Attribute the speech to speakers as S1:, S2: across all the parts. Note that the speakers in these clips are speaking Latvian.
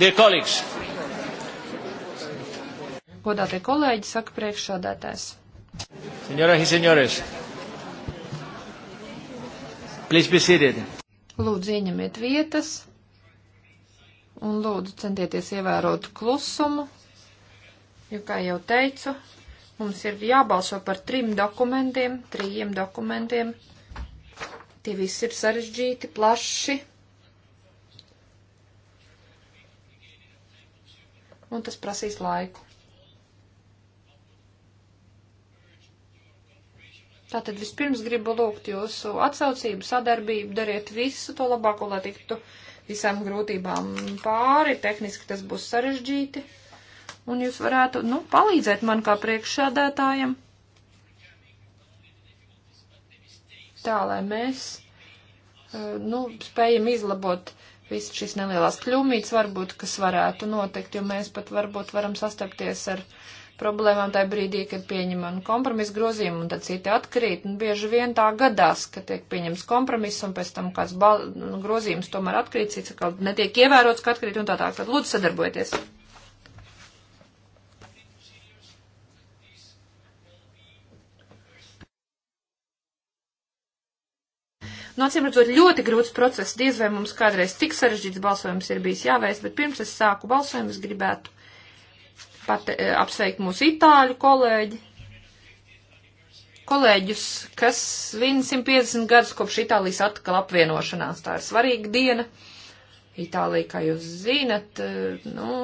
S1: Dear colleagues! Godātie kolēģi, saka priekšsādātājs. Senjoras un senjores,
S2: please be seated.
S1: Lūdzu, ieņemiet vietas un lūdzu centieties ievērot klusumu, jo, kā jau teicu, mums ir jābalso par trim dokumentiem, trījiem dokumentiem. Tie visi ir sarežģīti, plaši un tas prasīs laiku. Tātad vispirms gribu lūgt jūsu atsaucību, sadarbību, dariet visu to labāko, lai tiktu visām grūtībām pāri, tehniski tas būs sarežģīti, un jūs varētu, nu, palīdzēt man kā priekšsādātājiem. Tā, lai mēs, eh, nu, spējam izlabot viss šīs nelielās kļūmītes varbūt, kas varētu notikt, jo mēs pat varbūt varam sastapties ar problēmām tajā brīdī, kad pieņemam kompromisu grozījumu un tad citi atkrīt. Un bieži vien tā gadās, ka tiek pieņems kompromiss un pēc tam kāds grozījums tomēr atkrīt, cits atkal netiek ievērots, ka atkrīt un tā tā. Tad lūdzu sadarbojieties! Nu, acīm redzot, ļoti grūts process. Diez vai mums kādreiz tik sarežģīts balsojums ir bijis jāveic, bet pirms es sāku balsojumu, es gribētu pat eh, apsveikt mūsu itāļu kolēģi, kolēģus, kas svin 150 gadus kopš Itālijas atkal apvienošanās. Tā ir svarīga diena. Itālija, kā jūs zinat, eh, nu,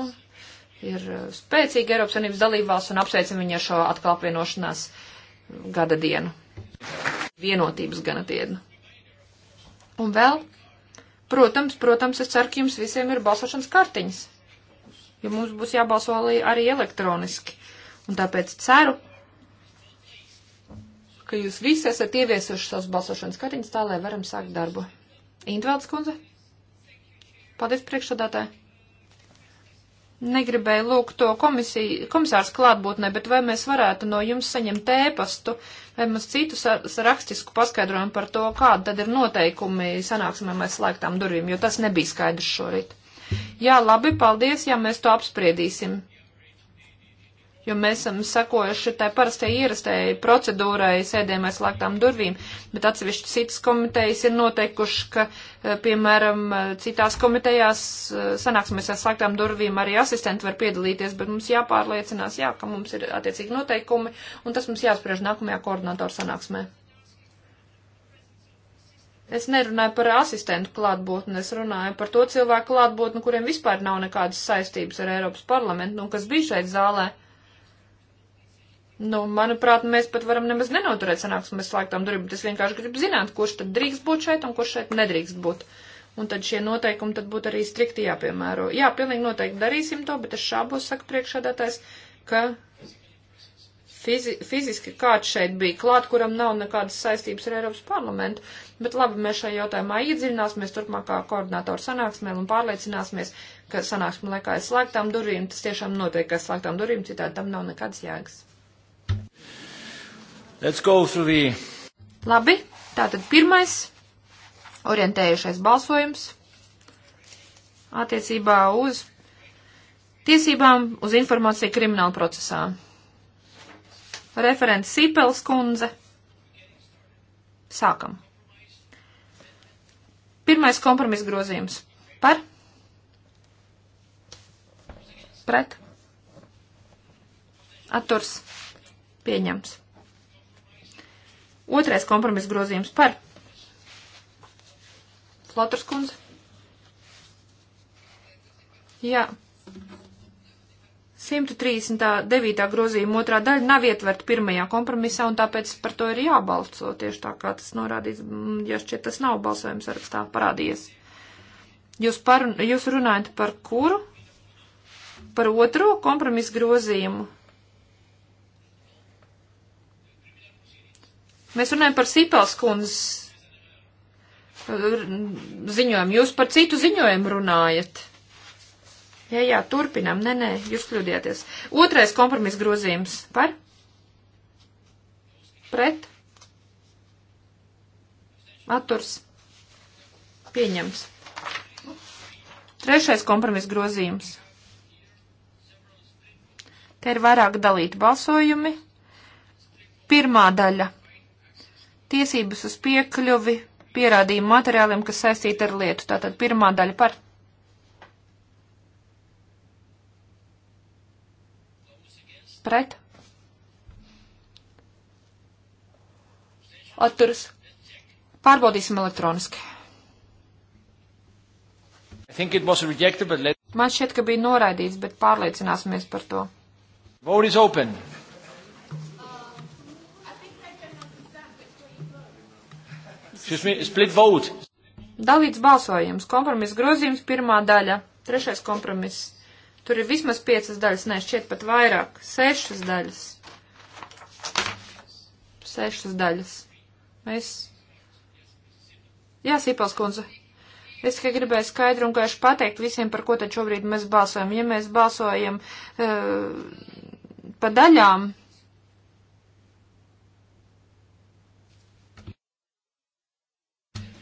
S1: ir spēcīga Eiropas Savienības dalībvalsts un apsveicam viņu ar šo atkal apvienošanās gada dienu. Vienotības gada dienu. Un vēl, protams, protams, es ceru, ka jums visiem ir balsošanas kartiņas, jo mums būs jābalso arī elektroniski. Un tāpēc ceru, ka jūs visi esat ieviesuši savus balsošanas kartiņus tā, lai varam sākt darbu. Indvēlts kundze? Paldies priekšsādātāji! Negribēju lūgt to komisiju, komisārs klātbūtnē, bet vai mēs varētu no jums saņemt ēpastu vai mums citu rakstisku paskaidrojumu par to, kāda tad ir noteikumi sanāksmēm aiz slēgtām durvīm, jo tas nebija skaidrs šorīt. Jā, labi, paldies, ja mēs to apspriedīsim jo mēs esam sakojuši tai parastai ierastēji procedūrai sēdēm aiz slēgtām durvīm, bet atsevišķi citas komitejas ir noteikuši, ka, eh, piemēram, citās komitejās eh, sanāksmēs aiz slēgtām durvīm arī asistenti var piedalīties, bet mums jāpārliecinās, jā, ka mums ir attiecīgi noteikumi, un tas mums jāspriež nākamajā koordinātoru sanāksmē. Es nerunāju par asistentu klātbūtni, es runāju par to cilvēku klātbūtni, kuriem vispār nav nekādas saistības ar Eiropas parlamentu, un nu, kas bija šeit zālē. Uh, Nu, manuprāt, mēs pat varam nemaz nenoturēt sanāksmi bez slēgtām durvīm. Es vienkārši gribu zināt, kurš tad drīkst būt šeit un kurš šeit nedrīkst būt. Un tad šie noteikumi tad būtu arī strikti jāpiemēro. Jā, pilnīgi noteikti darīsim to, bet es šābos saku priekšādātais, ka fizi fiziski kāds šeit bija klāt, kuram nav nekādas saistības ar Eiropas parlamentu. Bet labi, mēs šajā jautājumā iedziļināsimies turpmākā koordinātora sanāksmē un pārliecināsimies, ka sanāksme laikā ir slēgtām durvīm. Tas tiešām notiek, ka slēgtām durvīm citādi tam nav nekādas jēgas. Let's go through the... Labi, tātad pirmais orientējušais balsojums attiecībā uz tiesībām uz informāciju krimināla procesā. Referents Sīpels kundze. Sākam. Pirmais kompromis grozījums. Par? Pret? Atturs. Pieņems. Otrais kompromiss grozījums par. Flotras kundze. Jā. 139. grozījuma otrā daļa nav ietverta pirmajā kompromisā, un tāpēc par to ir jābalso tieši tā, kā tas norādīts, mm, ja šķiet tas nav balsojums sarakstā parādījies. Jūs, par, jūs runājat par kuru? Par otro kompromisu grozījumu? Mēs runājam par Sīpelskundas ziņojumu. Jūs par citu ziņojumu runājat. Jā, jā, turpinam. Nē, nē, jūs kļūdījāties. Otrais kompromiss grozījums par? Pret? Atturs? Pieņems. Trešais kompromiss grozījums. Te ir vairāk dalīti balsojumi. Pirmā daļa tiesības uz piekļuvi pierādījumu materiāliem, kas saistīti ar lietu. Tātad pirmā daļa par. Pret. Atturs. Pārbaudīsim elektroniski. Rejected, let... Man šķiet, ka bija noraidīts, bet pārliecināsimies par to. Vote is open. Dalīts balsojums. Kompromiss grozījums pirmā daļa. Trešais kompromiss. Tur ir vismaz piecas daļas, nē, šķiet pat vairāk. Sešas daļas. Sešas daļas. Mēs. Jā, Sīpals kundze. Es tikai gribēju skaidru un gaišu pateikt visiem, par ko tad šobrīd mēs balsojam. Ja mēs balsojam uh, pa daļām,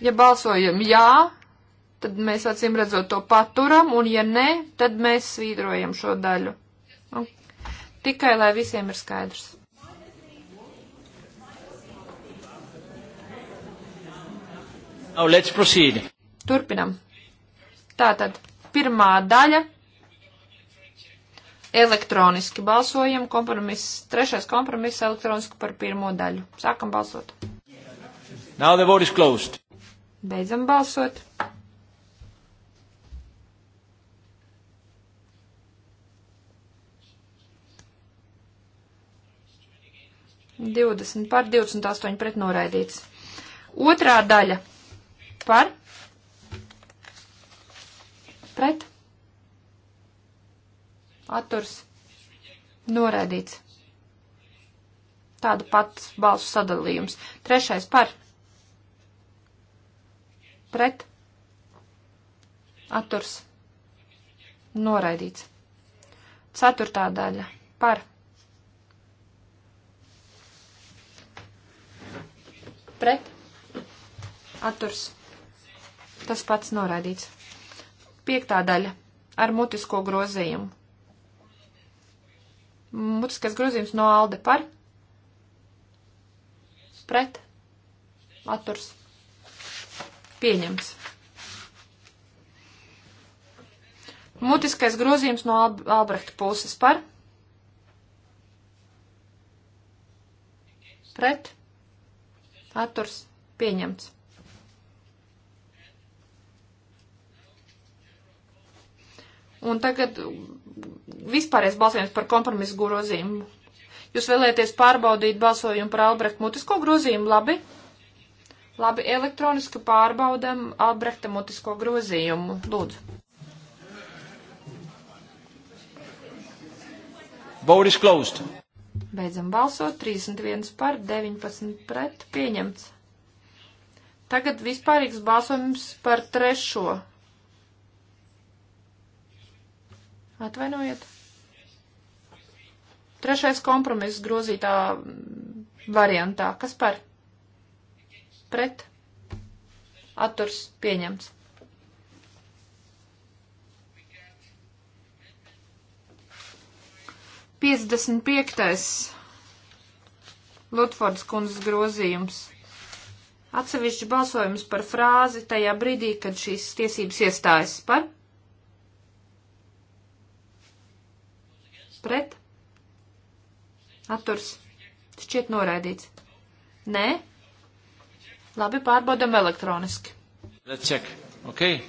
S1: Ja balsojam jā, tad mēs acīm redzot to paturam, un ja nē, tad mēs svītrojam šo daļu. Un nu, tikai lai visiem ir skaidrs.
S2: Now let's proceed.
S1: Turpinam. Tātad, pirmā daļa. Elektroniski balsojam, kompromiss, trešais kompromiss elektroniski par pirmo daļu. Sākam balsot. Now the vote is closed. Beidzam balsot. Divdesmit par, divdesmit astoņi pret noraidīts. Otrā daļa par, pret, atturs, noraidīts. Tāda pats balsu sadalījums. Trešais par pret, atturs, noraidīts. Ceturtā daļa par. Pret, atturs, tas pats noraidīts. Piektā daļa ar mutisko grozījumu. Mutiskais grozījums no Alde par. Pret, atturs Pieņemts. Mutiskais grozījums no Al Albrehta puses par. Pret. Atturs. Pieņemts. Un tagad vispārējais balsojums par kompromisu grozījumu. Jūs vēlēties pārbaudīt balsojumu par Albrecht mutisko grozījumu, labi? Labi, elektroniski pārbaudam Albrehta mutisko grozījumu. Lūdzu. Vote is closed. Beidzam balsot. 31 par, 19 pret. Pieņemts. Tagad vispārīgs balsojums par trešo. Atvainojiet. Trešais kompromiss grozītā variantā. Kas par? pret, atturs pieņemts. Piecdesmit piektais Lutfords kundzes grozījums. Atsevišķi balsojums par frāzi tajā brīdī, kad šīs tiesības iestājas par pret atturs šķiet noraidīts. Nē, Labi, pārbaudam elektroniski. Let's check. Okay.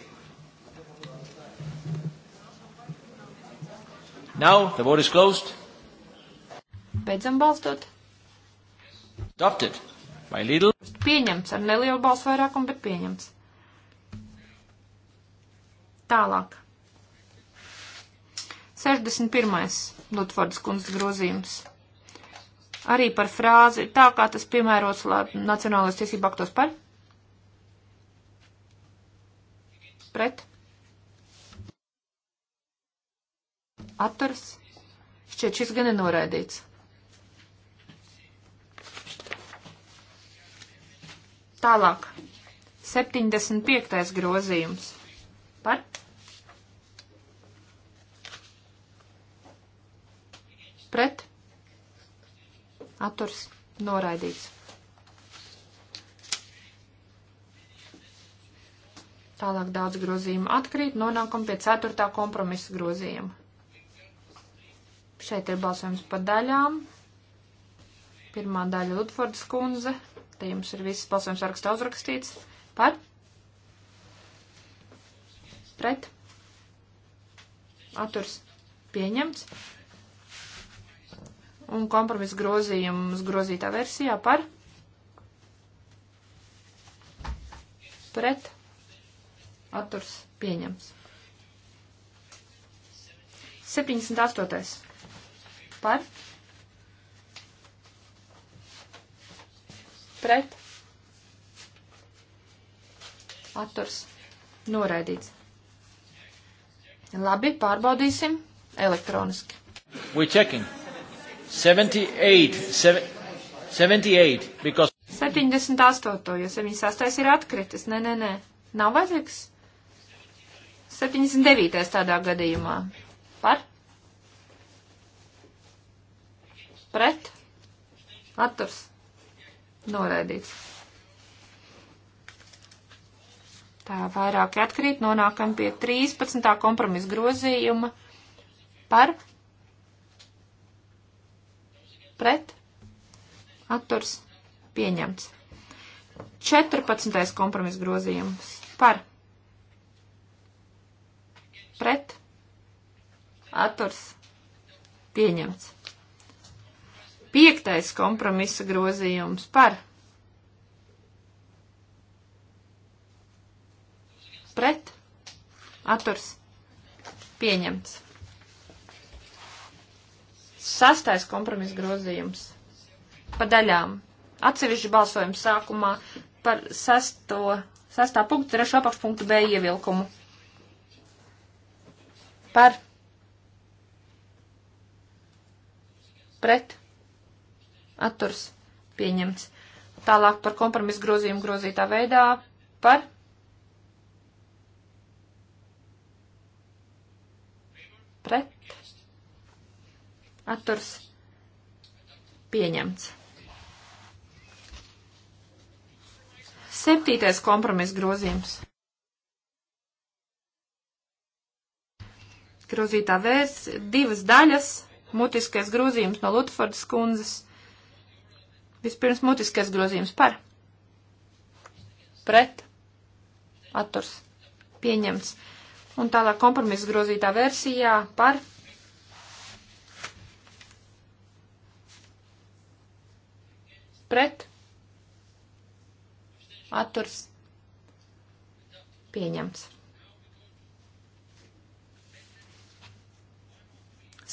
S1: Now the vote is closed. Beidzam balstot. Adopted by little. Pieņemts ar nelielu balsu vairākumu, bet pieņemts. Tālāk. 61. Lutfords kundzes grozījums arī par frāzi tā, kā tas piemērots Nacionālais tiesība aktos par? Pret? Atturs? Šķiet, šis gan ir noraidīts. Tālāk. 75. grozījums. Par? Pret? atturs noraidīts. Tālāk daudz grozījumu atkrīt, nonākam pie ceturtā kompromisa grozījuma. Šeit ir balsojums par daļām. Pirmā daļa Ludfordas kundze. Te jums ir viss balsojums sarakstā uzrakstīts. Par? Pret? Aturs pieņemts un kompromisa grozījumus grozītā versijā par pret atturs pieņems. 78. par pret atturs noraidīts. Labi, pārbaudīsim elektroniski. We're checking. 78, 78, because... 78, jo 78 ir atkritis. Nē, nē, nē. Nav vajadzīgs? 79. tādā gadījumā. Par? Pret? Atturs? Noraidīts. Tā vairāk atkrīt, nonākam pie 13. kompromisa grozījuma par pret, atturs, pieņemts. 14. kompromis grozījums par, pret, atturs, pieņemts. 5. kompromisa grozījums par, pret, atturs, pieņemts. Sastais kompromiss grozījums. Pa daļām. Atsevišķi balsojums sākumā par sesto, sestā punktu, trešo apakšpunktu B ievilkumu. Par. Pret. Atturs. Pieņemts. Tālāk par kompromisu grozījumu grozītā veidā. Par. Pret atturs pieņemts. Septītais kompromiss grozījums. Grozītā vērs divas daļas, mutiskais grozījums no Lutfordas kundzes. Vispirms mutiskais grozījums par. Pret. Atturs. Pieņemts. Un tālāk kompromisa grozītā versijā par pret, atturs, pieņemts.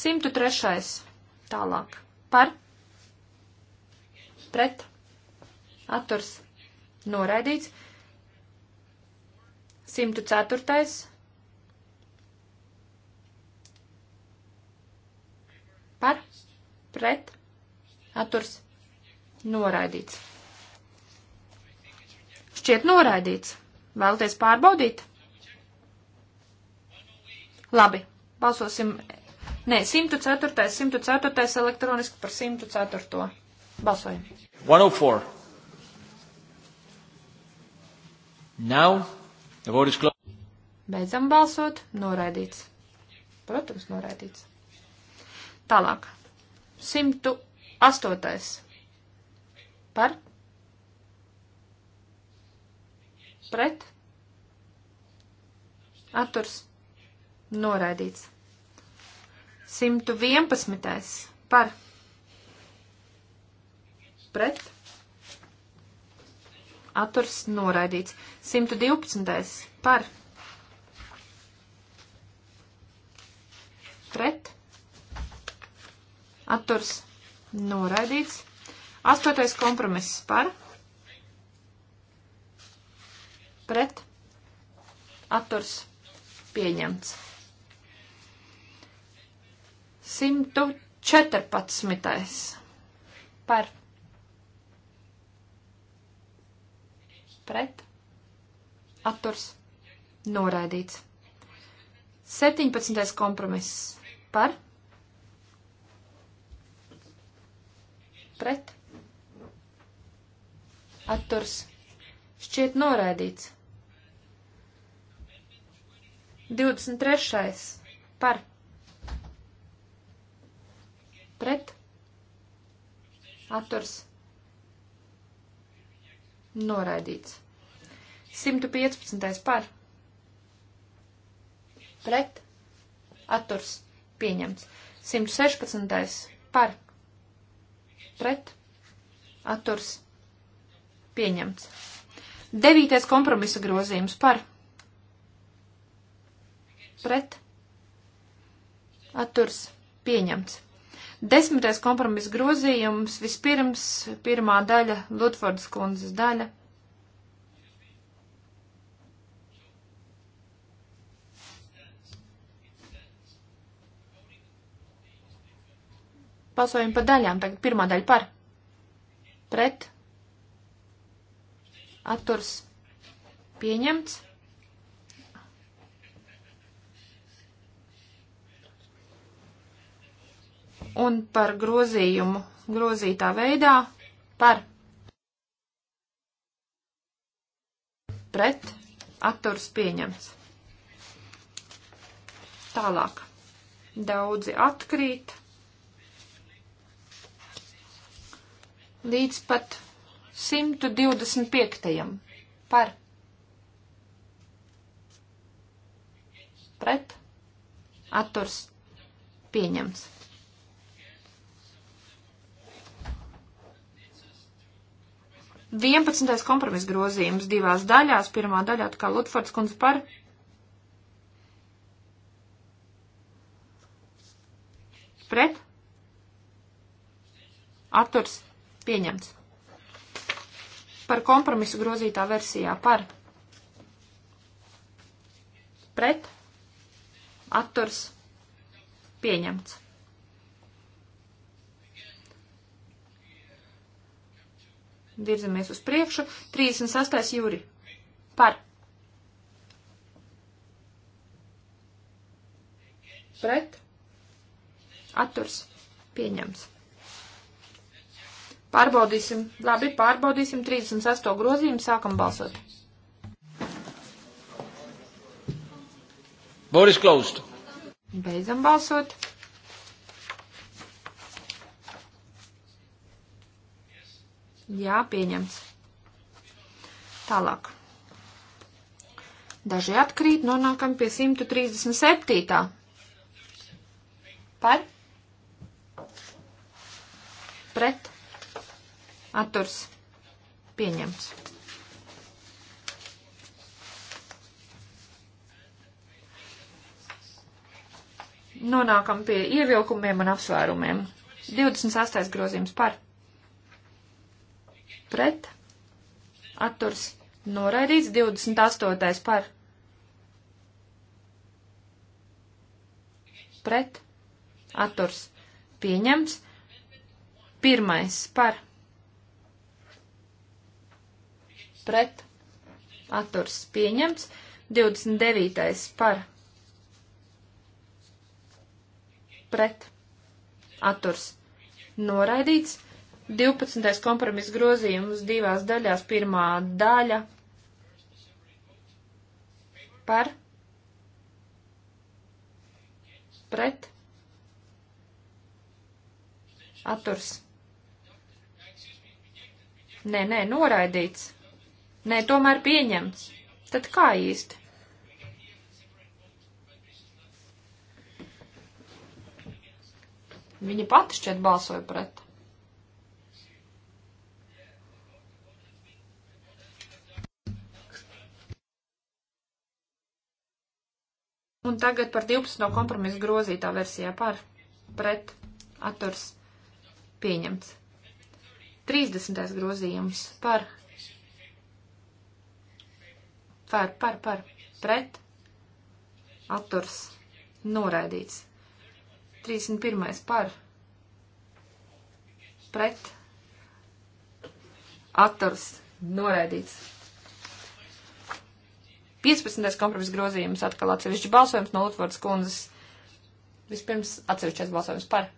S1: 103. tālāk par, pret, atturs, noraidīts. 104. par, pret, atturs, Noraidīts. Šķiet noraidīts. Vēlaties pārbaudīt? Labi, balsosim. Nē, 104. 104. elektroniski par 104. Balsojam. 104. Now, the vote is closed. Beidzam balsot. Noraidīts. Protams, noraidīts. Tālāk. 108. Par? Pret? Atturs? Noraidīts. 111. Par? Pret? Atturs? Noraidīts. 112. Par? Pret? Atturs? Noraidīts. Astotais kompromiss par, pret, atturs pieņemts. 114. par, pret, atturs noraidīts. 17. kompromiss par, pret, atturs šķiet noraidīts. 23. par pret atturs noraidīts. 115. par pret atturs pieņemts. 116. par pret atturs pieņemts. Pieņemts. Devītais kompromisa grozījums par. Pret. Atturs. Pieņemts. Desmitais kompromisa grozījums vispirms pirmā daļa Lutfordas kundzes daļa. Pasojam pa daļām. Tagad pirmā daļa par. Pret atturs pieņemts. Un par grozījumu grozītā veidā par pret atturs pieņemts. Tālāk. Daudzi atkrīt. Līdz pat 125. par pret atturs pieņems. Vienpadsmitais kompromis grozījums divās daļās. Pirmā daļā tā kā Lutfords kundze par pret atturs pieņemts par kompromisu grozītā versijā par pret atturs pieņemts. Virzamies uz priekšu. 36. jūri. Par. Pret. Atturs. Pieņems. Pārbaudīsim. Labi, pārbaudīsim 36. grozījumu, sākam balsot. Boris Klaust. Beidzam balsot. Jā, pieņemts. Tālāk. Daži atkrīt, nonākam pie 137. Par? Pret? atturs pieņemts. Nonākam pie ievilkumiem un apsvērumiem. 28. grozījums par pret atturs noraidīts. 28. par pret atturs pieņemts. Pirmais par pret pret atturs pieņemts, 29. par pret atturs noraidīts, 12. kompromis grozījums divās daļās, pirmā daļa par pret atturs. Nē, nē, noraidīts. Nē, tomēr pieņemts. Tad kā īsti? Viņa pati šķiet balsoja pret. Un tagad par 12. kompromisu grozītā versijā par pret atturs pieņemts. 30. grozījums par par, par, par, pret, atturs, noraidīts. 31. par, pret, atturs, noraidīts. 15. kompromisa grozījums atkal atsevišķi balsojums no Lutvardas kundzes. Vispirms atsevišķais balsojums par,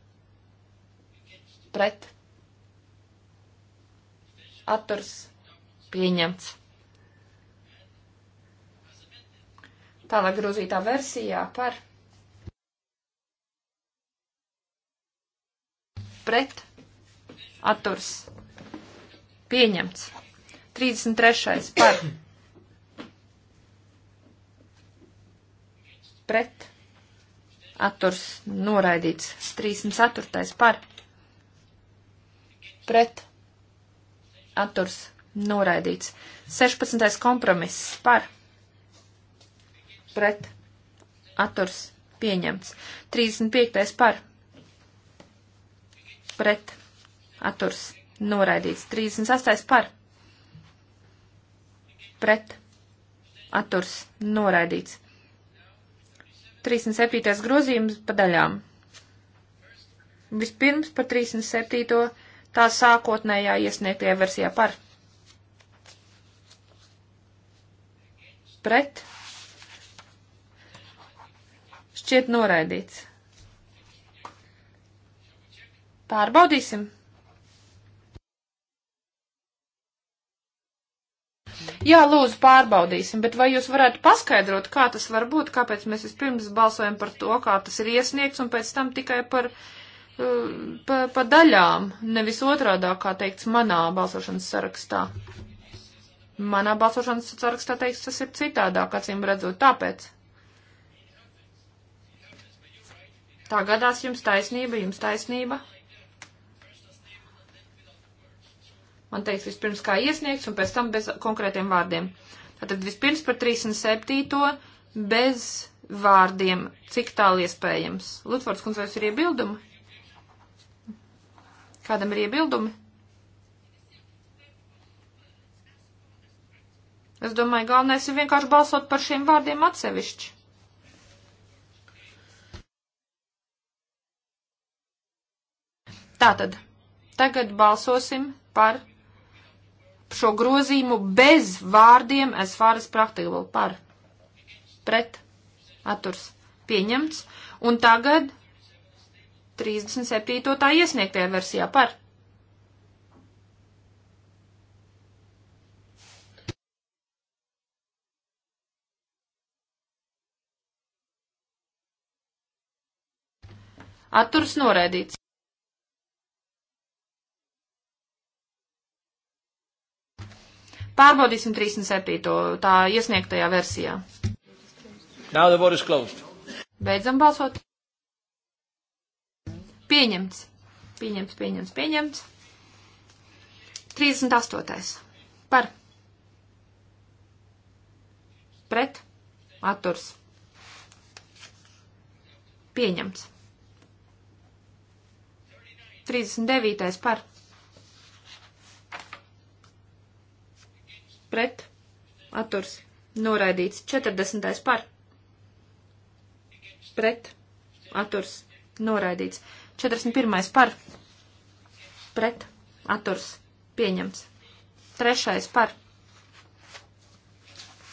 S1: pret, atturs, pieņemts. tālāk grozītā versijā par pret atturs pieņemts. 33. par pret atturs noraidīts. 34. par pret atturs noraidīts. 16. kompromiss par pret pret atturs pieņemts. 35. par pret atturs noraidīts. 36. par pret atturs noraidīts. 37. grozījums pa daļām. Vispirms par 37. tā sākotnējā iesniegtajā versijā par pret Šķiet noraidīts. Pārbaudīsim. Jā, lūdzu, pārbaudīsim, bet vai jūs varētu paskaidrot, kā tas var būt, kāpēc mēs vispirms balsojam par to, kā tas ir iesniegts, un pēc tam tikai par, uh, pa, pa daļām, nevis otrādā, kā teikts, manā balsošanas sarakstā. Manā balsošanas sarakstā teikts, tas ir citādāk, acīm redzot, tāpēc. Tā gadās jums taisnība, jums taisnība. Man teiks vispirms kā iesniegts un pēc tam bez konkrētiem vārdiem. Tātad vispirms par 37. bez vārdiem, cik tālu iespējams. Lutfords kundze, vai jums ir iebildumi? Kādam ir iebildumi? Es domāju, galvenais ir vienkārši balsot par šiem vārdiem atsevišķi. Tātad, tagad balsosim par šo grozīmu bez vārdiem es fāras praktīvu par. Pret. Atturs. Pieņemts. Un tagad 37. tā iesniegtajā versijā par.
S2: Atturs noraidīts.
S1: Pārbaudīsim 37. tā iesniegtajā versijā. Now the vote is closed. Beidzam balsot. Pieņemts. Pieņemts, pieņemts, pieņemts. 38. Par. Pret. Atturs. Pieņemts. 39. par pret, atturs, noraidīts. 40. par, pret, atturs, noraidīts. 41. par, pret, atturs, pieņemts. 3. par,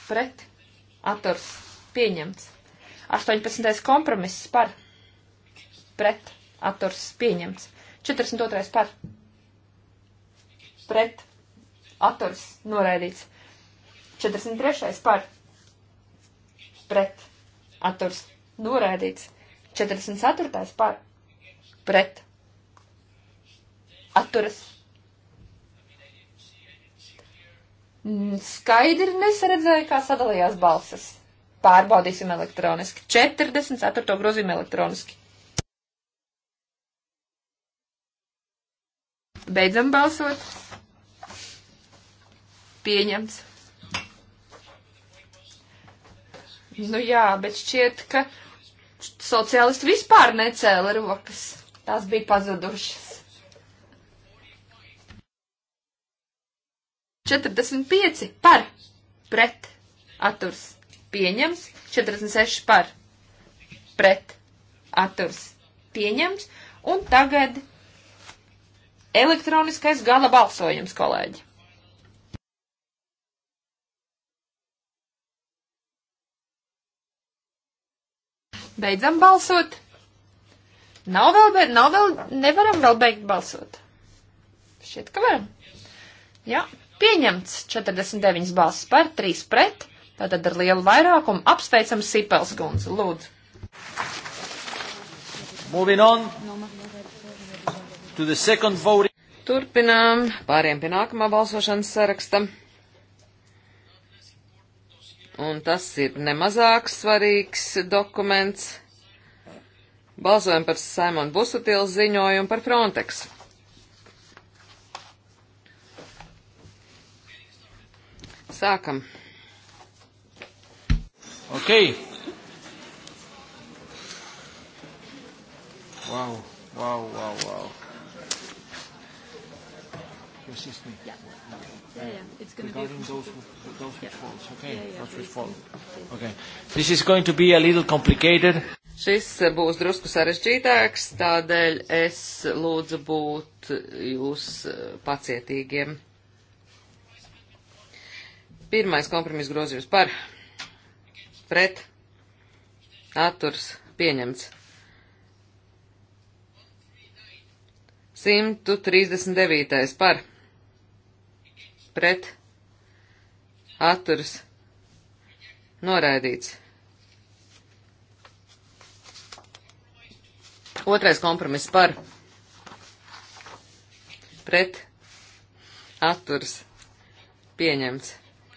S1: pret, atturs, pieņemts. 18. kompromiss par, pret, atturs, pieņemts. 42. par, pret, atturs noraidīts. 43. par pret atturs noraidīts. 44. par pret atturas. Mm, skaidri nesaredzēju, kā sadalījās balsas. Pārbaudīsim elektroniski. 44. grozījumu elektroniski. Beidzam balsot. Pieņemts. Nu jā, bet šķiet, ka sociālisti vispār necēla rokas. Tās bija pazudušas. 45 par pret atturs pieņems, 46 par pret atturs pieņems, un tagad
S2: elektroniskais gala balsojums, kolēģi.
S1: Beidzam balsot. Nav vēl, be, nav vēl, nevaram vēl beigt balsot. Šķiet, ka varam. Jā, pieņemts 49 balsis par, 3 pret, tātad ar lielu vairākumu apsveicam Sipels Gunzu. Lūdzu.
S2: Moving on to the second voting. Turpinām pāriem pie nākamā balsošanas saraksta un tas ir nemazāk svarīgs dokuments. Balsojam par Simonu Busutila ziņojumu par Frontex. Sākam. Ok. Wow, wow, wow, wow.
S1: You assist me? Yeah. Yeah, yeah. It's going Regarding to be a... those
S2: who, those yeah. which falls. Okay. Yeah, yeah, those which fall. Okay. This is going to be a little complicated. Šis eh, būs drusku sarežģītāks, tādēļ es lūdzu būt jūs eh, pacietīgiem. Pirmais kompromis grozījums par, pret, atturs, pieņemts. 139. par pret atturas noraidīts. Otrais kompromiss par pret atturas pieņemts.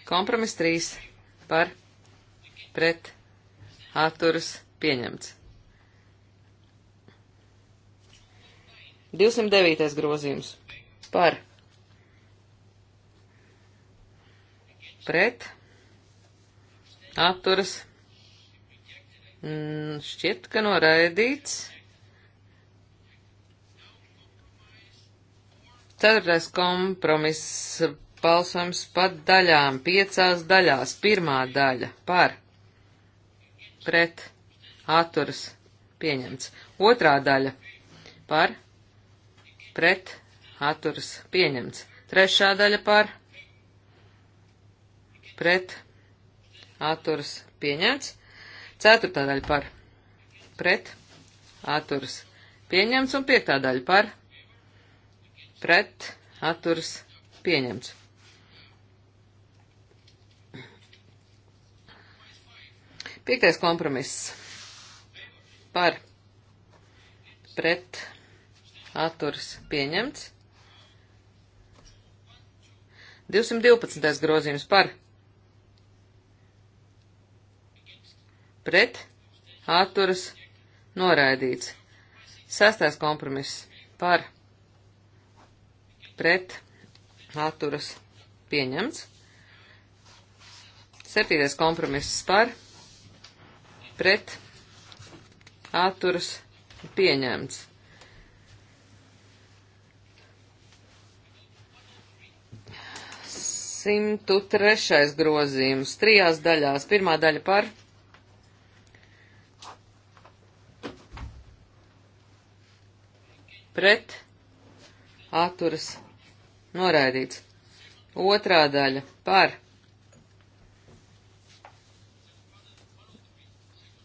S2: Kompromiss 3 par pret atturas pieņemts. 209. grozījums par pret pret, atturas, mm, šķiet, ka noraidīts. Ceturtais kompromiss balsojums pa daļām, piecās daļās. Pirmā daļa par, pret, atturas, pieņemts. Otrā daļa par, pret, atturas, pieņemts. Trešā daļa par, pret pret atturas pieņemts. Ceturtā daļa par pret atturas pieņemts un piektā daļa par pret atturas pieņemts. Piektais kompromiss par pret atturas pieņemts. 212. grozījums par pret pret, atturas, noraidīts. Sastais kompromiss par, pret, atturas, pieņemts. Septītais kompromiss par, pret, atturas, pieņemts. 103. grozījums, trijās daļās. Pirmā daļa par pret atturas noraidīts. Otrā daļa par.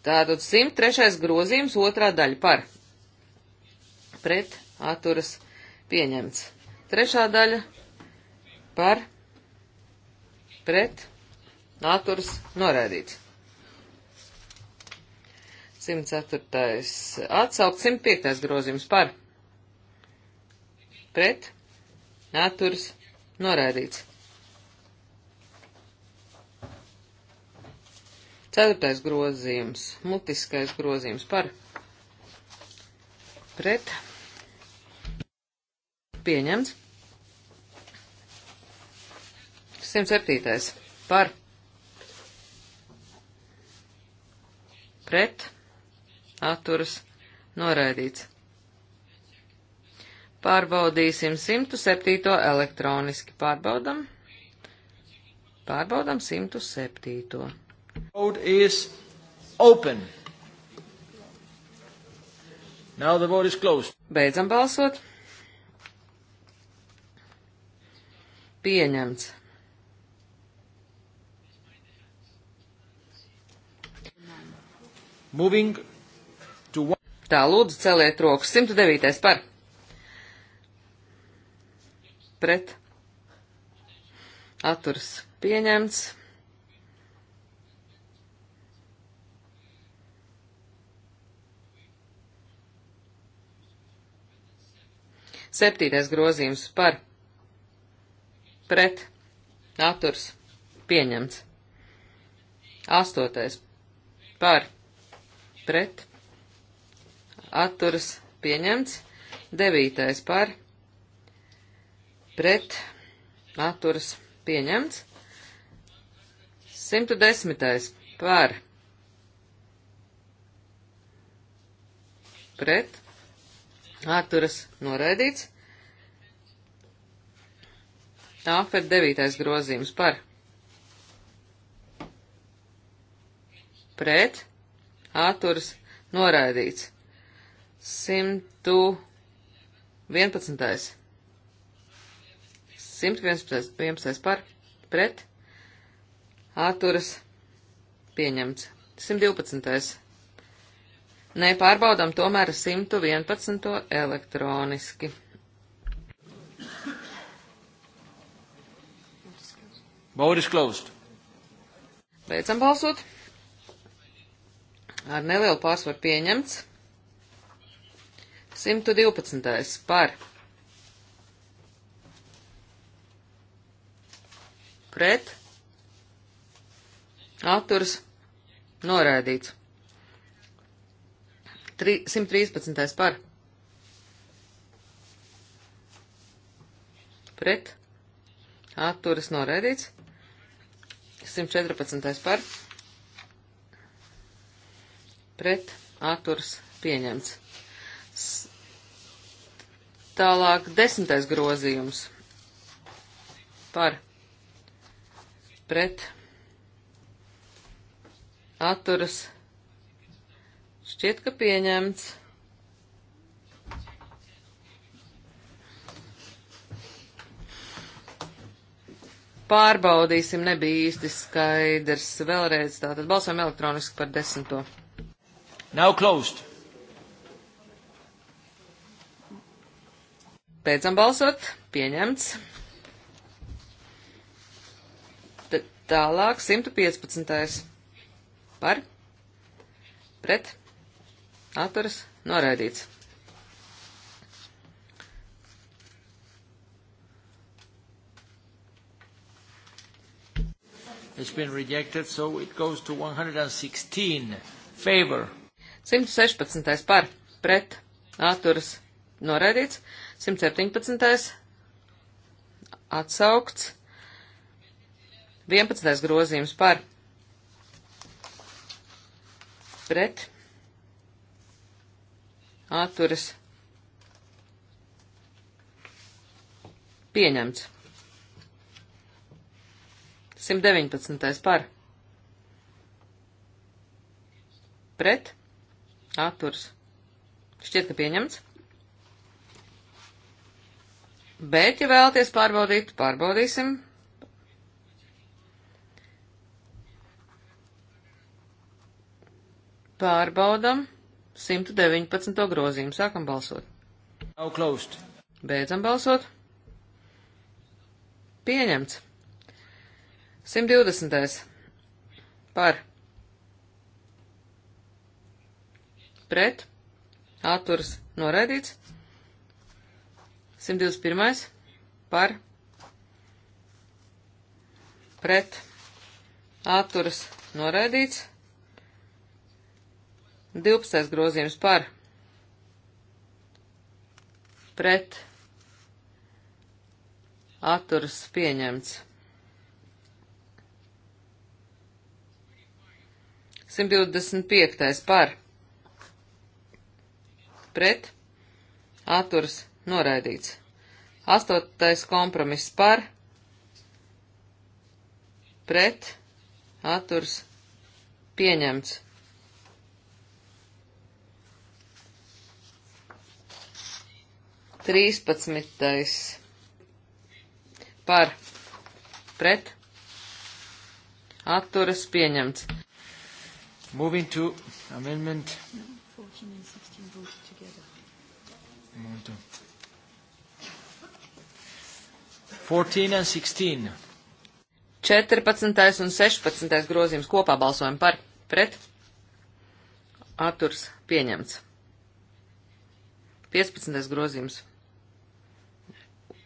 S2: Tātad 103. grozījums, otrā daļa par. Pret atturas pieņemts. Trešā daļa par. Pret atturas noraidīts. 104. atsaukt 105. grozījums par pret, atturas, noraidīts. Ceturtais grozījums, mutiskais grozījums par pret, pieņemts. 107. par pret, atturas, noraidīts. Pārbaudīsim 107. elektroniski. Pārbaudam. Pārbaudam 107. Vote is open. Now the vote is closed. Beidzam balsot. Pieņemts. Moving to one. Tā, lūdzu, celiet rokas. 109. par pret atturs pieņemts. Septītais grozījums par pret atturs pieņemts. Astotais par pret atturs pieņemts. Devītais par pret pret atturas pieņemts. 110. par pret atturas noraidīts. Tāfer 9. grozījums par pret atturas noraidīts. 111. 111. par pret atturas pieņemts. 112. Nē, pārbaudām tomēr 111. elektroniski. Vote is closed. Beidzam balsot. Ar nelielu pārsvaru pieņemts. 112. par pret, atturs, noraidīts. 113. par, pret, atturs, noraidīts. 114. par, pret, atturs, pieņemts. Tālāk desmitais grozījums par pret atturas šķiet, ka pieņemts. Pārbaudīsim, nebija īsti skaidrs. Vēlreiz tātad balsojam elektroniski par desmito. Now closed. Beidzam balsot. Pieņemts. Tālāk 115. par pret atturas noraidīts. It's been rejected, so it goes to 116. Favor. 116. par, pret, atturas, noraidīts. 117. atsaukts. 11. grozījums par pret atturas pieņemts. 119. par pret atturas šķiet, ka pieņemts. Bet, ja vēlaties pārbaudīt, pārbaudīsim. Pārbaudam 119. grozījumu. Sākam balsot. Now closed. Beidzam balsot. Pieņemts. 120. Par. Pret. Atturs noraidīts. 121. Par. Pret. Atturs noraidīts. 12. grozījums par pret atturas pieņemts. 125. par pret atturas noraidīts. 8. kompromiss par pret atturas pieņemts. 13. par pret atturas pieņemts. Moving to amendment. No, 14 and 16 voted together. Moving to 14 and 16. 14. un 16. grozījums kopā balsojam par pret. Atturs pieņemts. 15. grozījums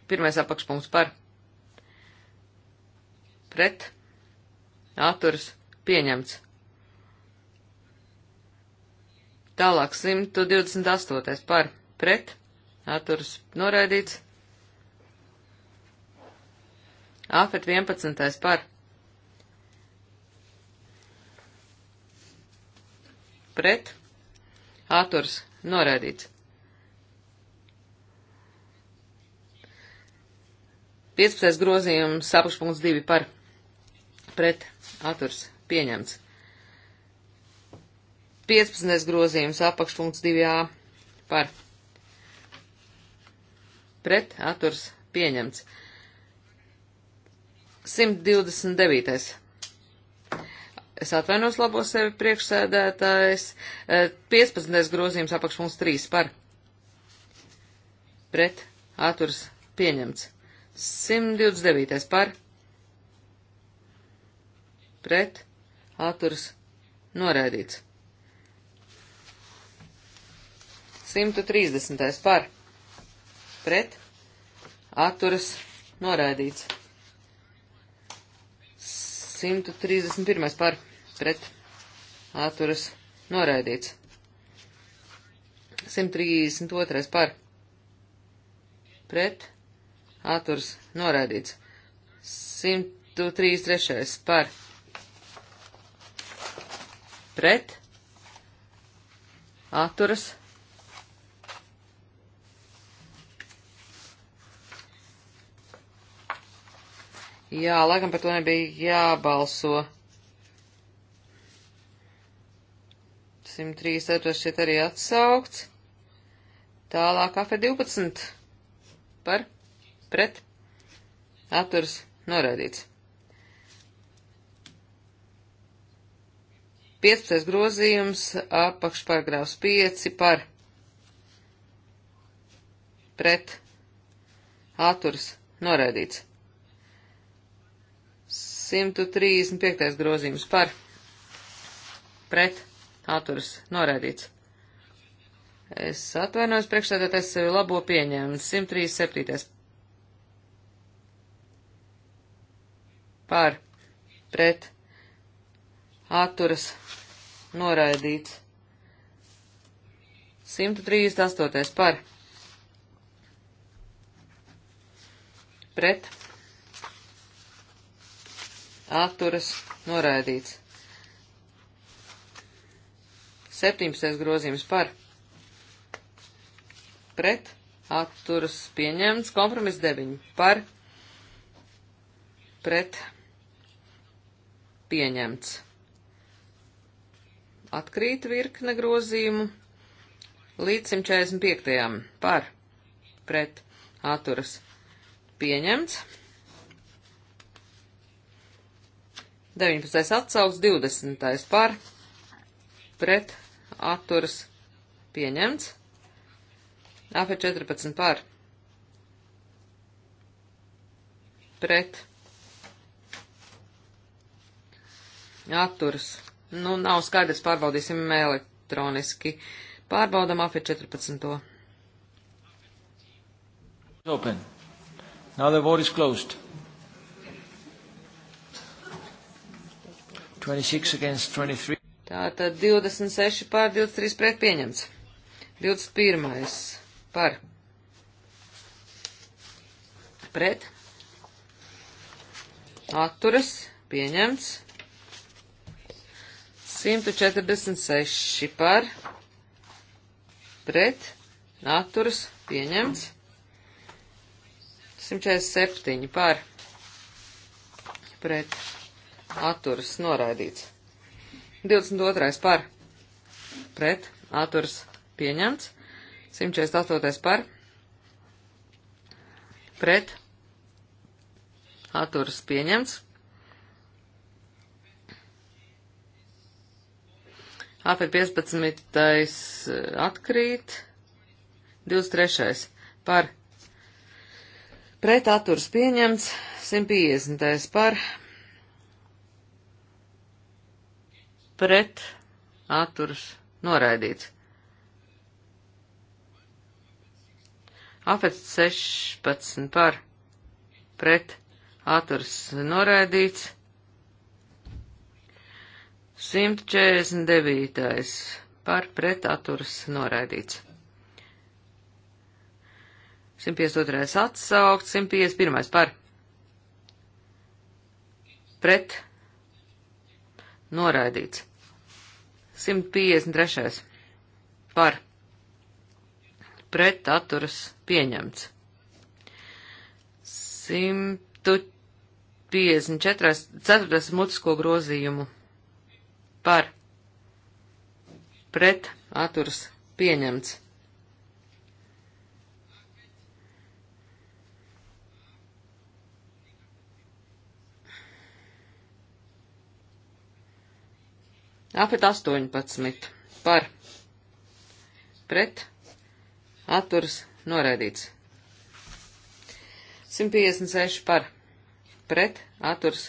S2: Pirmais apakšpunkts par pret atturas pieņemts. Tālāk 128. par pret atturas noraidīts. Āfet 11. par pret atturas noraidīts. 15. grozījums, apakšpunkts 2 par pret atturs pieņemts. 15. grozījums, apakšpunkts 2a par pret atturs pieņemts. 129. Es atvainos labo sevi priekšsēdētājs. 15. E, grozījums apakšpunkts 3 par pret atturs pieņemts. 129. par pret atturas noraidīts. 130. par pret atturas noraidīts. 131. par pret atturas noraidīts. 132. par pret atturs noraidīts. 133 par pret atturas Jā, laikam par to nebija jābalso. 103 šķiet arī atsaukts. Tālāk kafe 12 par pret, atturas noraidīts. 15. grozījums, apakšparagrāfs 5 par pret atturas noraidīts. 135. grozījums par pret atturas noraidīts. Es atvainojos priekšstādātais sevi labo pieņēmumu. 137. par pret atturas noraidīts. 138. par pret atturas noraidīts. 17. grozījums par pret atturas pieņemts kompromiss 9 par pret pieņemts. Atkrīt virkne grozījumu līdz 145. par pret atturas pieņemts. 19. atsauks 20. par pret atturas pieņemts. AP 14 par pret Atturas. Nu, nav skaidrs, pārbaudīsim elektroniski. Pārbaudam AFE 14. Open. Now the vote is closed. 26 against 23. Tātad 26 pār 23 pret pieņemts. 21 par. Pret. Atturas pieņemts. 146 par pret atturas pieņemts. 147 par pret atturas noraidīts. 22 par pret atturas pieņemts. 148 par pret atturas pieņemts. AP15 eh, atkrīt, 23. par pret atturs pieņemts, 150. par pret atturs noraidīts. Apēc 16 par pret atturs noraidīts, 149. par pretaturas noraidīts. 152. atsaukt, 151. par pret noraidīts. 153. par pret atturas pieņemts. 154. 4. mutisko grozījumu par pret atturas pieņemts. Apet 18 par pret atturas noraidīts. 156 par pret atturas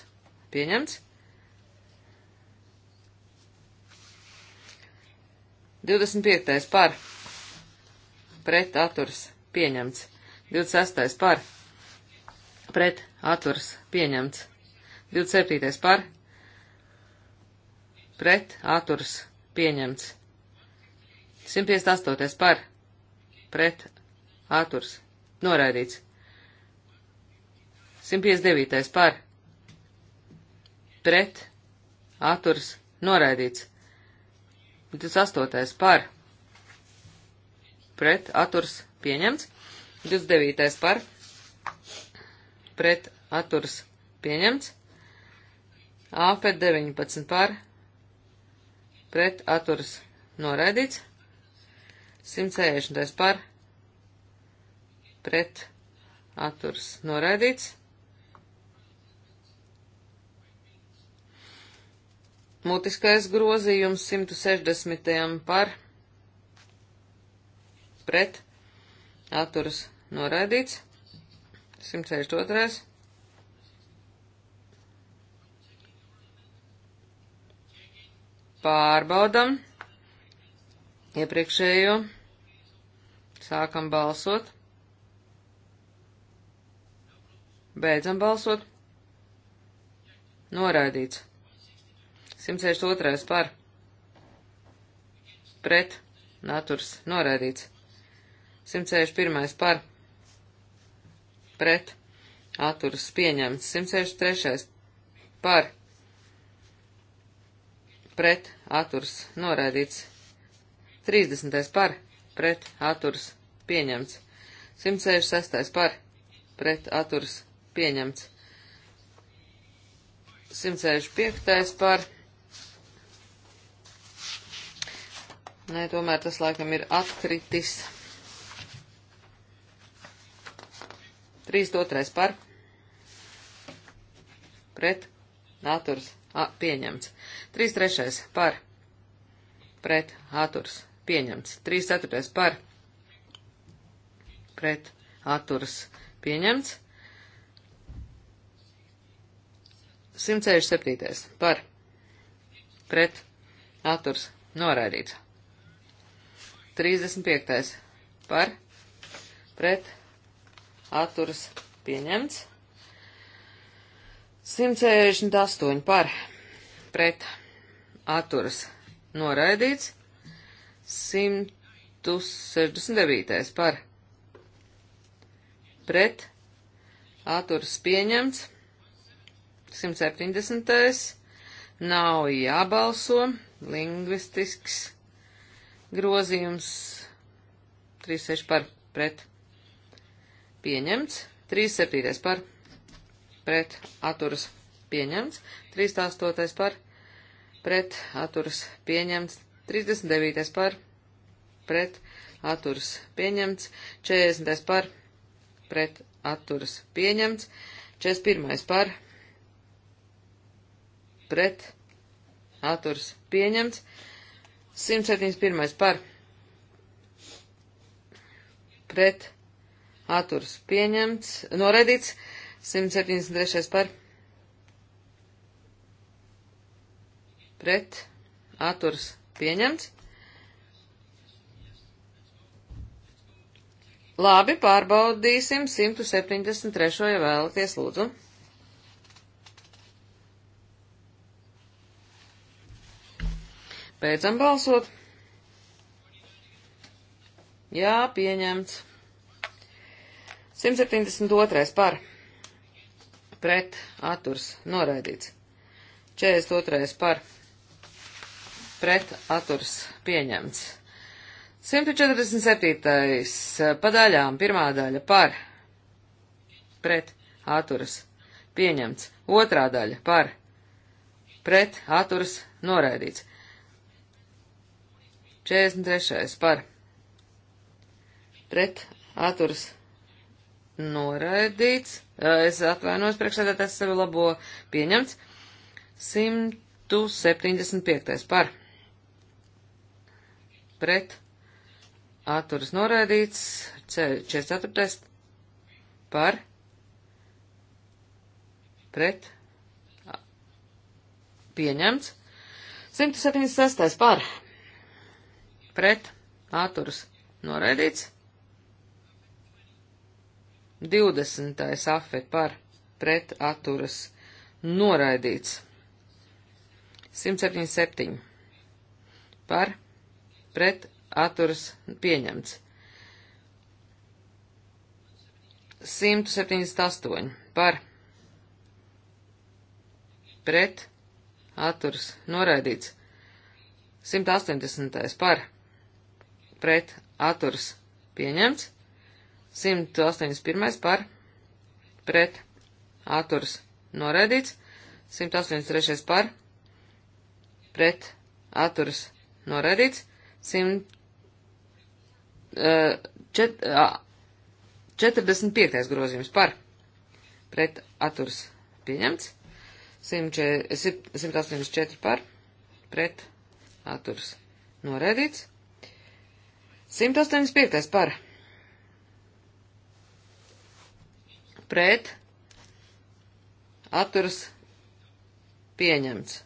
S2: pieņemts. 25. par pret atturs pieņemts. 26. par pret atturs pieņemts. 27. par pret atturs pieņemts. 158. par pret atturs noraidīts. 159. par pret atturs noraidīts. 28. par pret aturs pieņemts, 29. par pret aturs pieņemts, AP 19 par pret aturs noraidīts, 160. par pret aturs noraidīts. Mutiskais grozījums 160. par pret atturas noraidīts. 162. Pārbaudam iepriekšējo. Sākam balsot. Beidzam balsot. Noraidīts. 162. par pret naturs norādīts. 161. par pret atturs pieņemts. 163. par pret atturs norādīts. 30. par pret atturs pieņemts. 166. par pret atturs pieņemts. 165. par Nē, tomēr tas laikam ir atkritis. 3.2. par pret atturs a, pieņemts. 3.3. par pret atturs pieņemts. 3.4. par pret atturs pieņemts. 167. par pret atturs noraidīts. 35. par pret atturas pieņemts. 168 par pret atturas noraidīts. 169 par pret atturas pieņemts. 170. nav jābalso lingvistisks Grozījums 36 par pret. Pieņemts. 37 par pret atturas pieņemts. 38 par pret atturas pieņemts. 39 par pret atturas pieņemts. 40 par pret atturas pieņemts. 41 par pret atturas pieņemts. 171. par pret atturs pieņemts, noredīts, 173. par pret atturs pieņemts. Labi, pārbaudīsim 173. ja vēlaties lūdzu. Beidzam balsot. Jā, pieņemts. 172. par. Pret atturs noraidīts. 42. par. Pret atturs pieņemts. 147. padaļām pirmā daļa par. Pret atturs pieņemts. Otrā daļa par. Pret atturs noraidīts. 43. par pret atturas noraidīts. Es atvainos priekšsēdētājs sevi labo pieņemts. 175. par pret atturas noraidīts. 44. par pret pieņemts. 176. par pret pret atturas noraidīts. 20. afet par pret atturas noraidīts. 177 par pret atturas pieņemts. 178 par pret atturas noraidīts. 180 par pret atturas pieņemts, 181 par pret atturas noraidīts, 183 par pret atturas noraidīts, 145 eh, grozījums par pret atturas pieņemts, 184 eh, par pret atturas noraidīts. 185. par. Pret. Atturas. Pieņemts.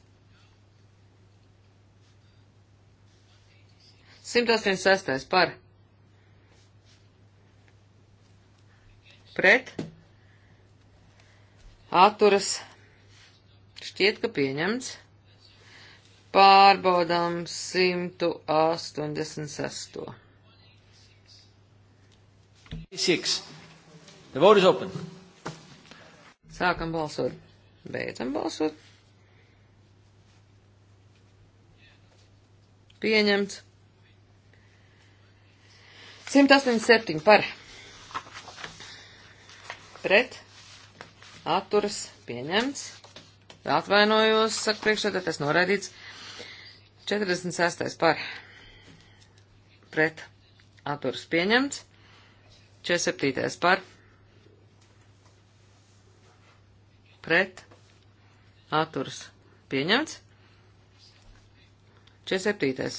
S2: 186. par. Pret. Atturas. Šķiet, ka pieņemts. Pārbaudām 186. Six. The vote is open. Sākam balsot. Beidzam balsot. Pieņemts. 187 par. Pret. Atturas. Pieņemts. Atvainojos, saka priekšādā, tas noraidīts. 46 par. Pret. Atturas. Pieņemts. 47. par pret atturs pieņemts. 47.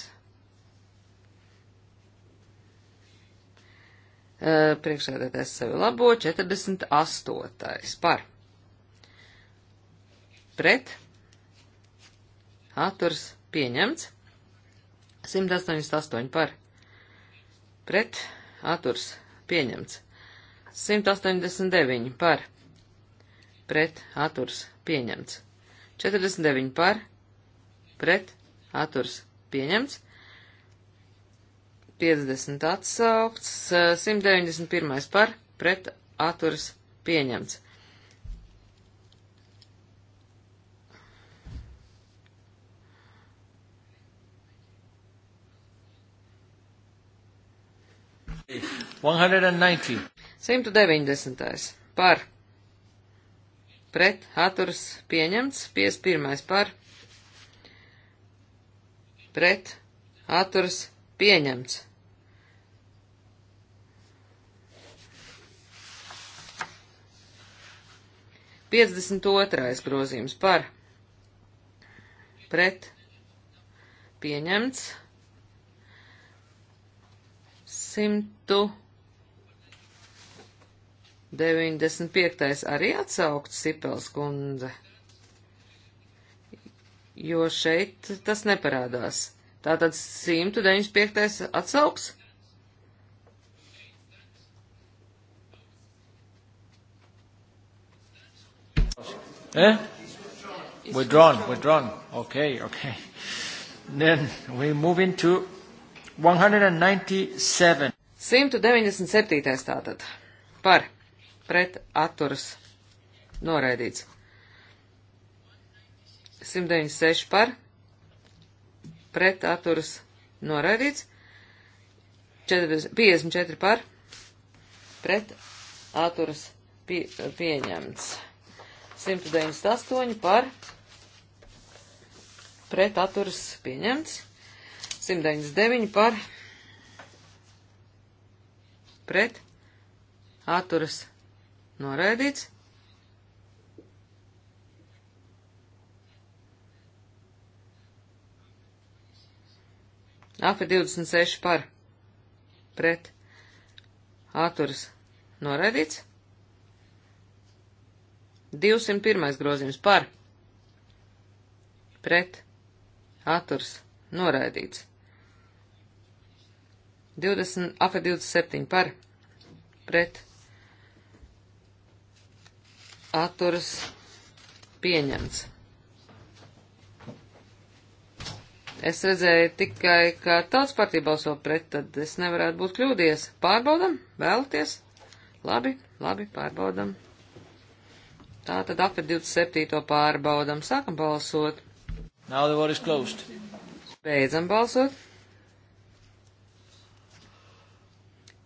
S2: Priekšsēdētājs sevi labo 48. par pret atturs pieņemts. 188 par pret atturs pieņemts pieņemts. 189 par, pret, atturs, pieņemts. 49 par, pret, atturs, pieņemts. 50 atsaukts, 191 par, pret, atturs, pieņemts. 190. 190. par pret atturas pieņemts, 51. par pret atturas pieņemts. Piecdesmit otrais grozījums par pret pieņemts simtu 95. arī atsaukt Sipels kundze, jo šeit tas neparādās. Tātad 195. atsauks? Eh? Withdrawn,
S1: withdrawn. Okay, okay. Then we move into
S2: 197. 197. tātad. Par pret atturas noraidīts. 196 par pret atturas noraidīts. 54 par pret atturas pie, pieņemts. 198 par pret atturas pieņemts. 199 par pret atturas pieņemts pret atturas Noraidīts. Afe 26 par pret atturas noraidīts. 201. grozījums par pret atturas noraidīts. 20, afe 27 par pret atturas pieņemts. Es redzēju tikai, ka tautas partija balso pret, tad es nevarētu būt kļūdies. Pārbaudam, vēlaties? Labi, labi, pārbaudam. Tā tad apved 27. pārbaudam, sākam balsot. Now the vote is closed. Beidzam balsot.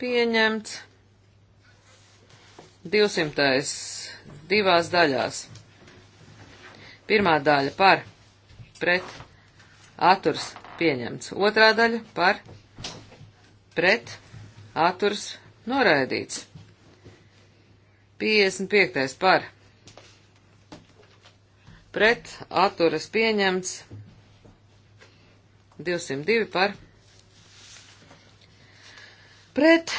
S2: Pieņemts. 200 divās daļās. Pirmā daļa par pret atturs pieņemts. Otrā daļa par pret atturs noraidīts. 55. par pret atturas pieņemts. 202 par pret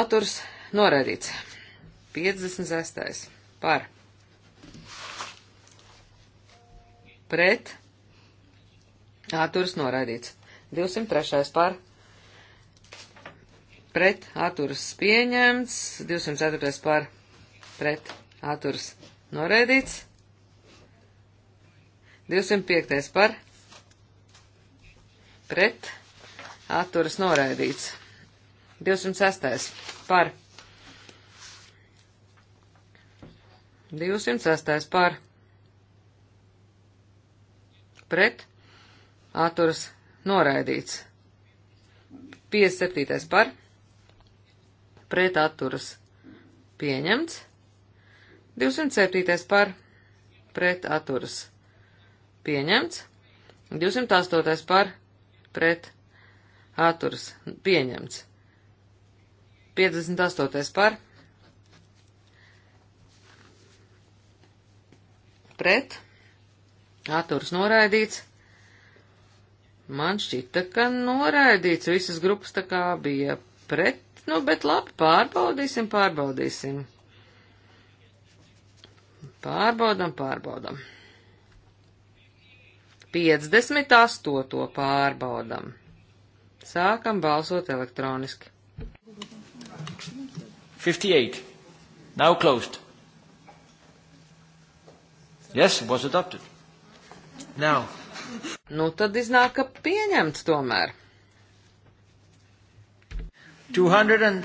S2: atturs noraidīts. 56 par pret āturas noraidīts. 203. par pret āturas pieņemts, 204. par pret āturas noraidīts, 205. par pret āturas noraidīts, 206. par pret 206. par pret atturas noraidīts. 57. par pret atturas pieņemts. 207. par pret atturas pieņemts. 208. par pret atturas pieņemts. 58. par pret atturas pieņemts. 58. par pret, atturs noraidīts. Man šķita, ka noraidīts, visas grupas tā kā bija pret, nu, bet labi, pārbaudīsim, pārbaudīsim. Pārbaudam, pārbaudam. 58. pārbaudam. Sākam balsot elektroniski. 58. Now closed. Yes, it was adopted. Now. Nu, tad iznāk, ka pieņemts tomēr. 210.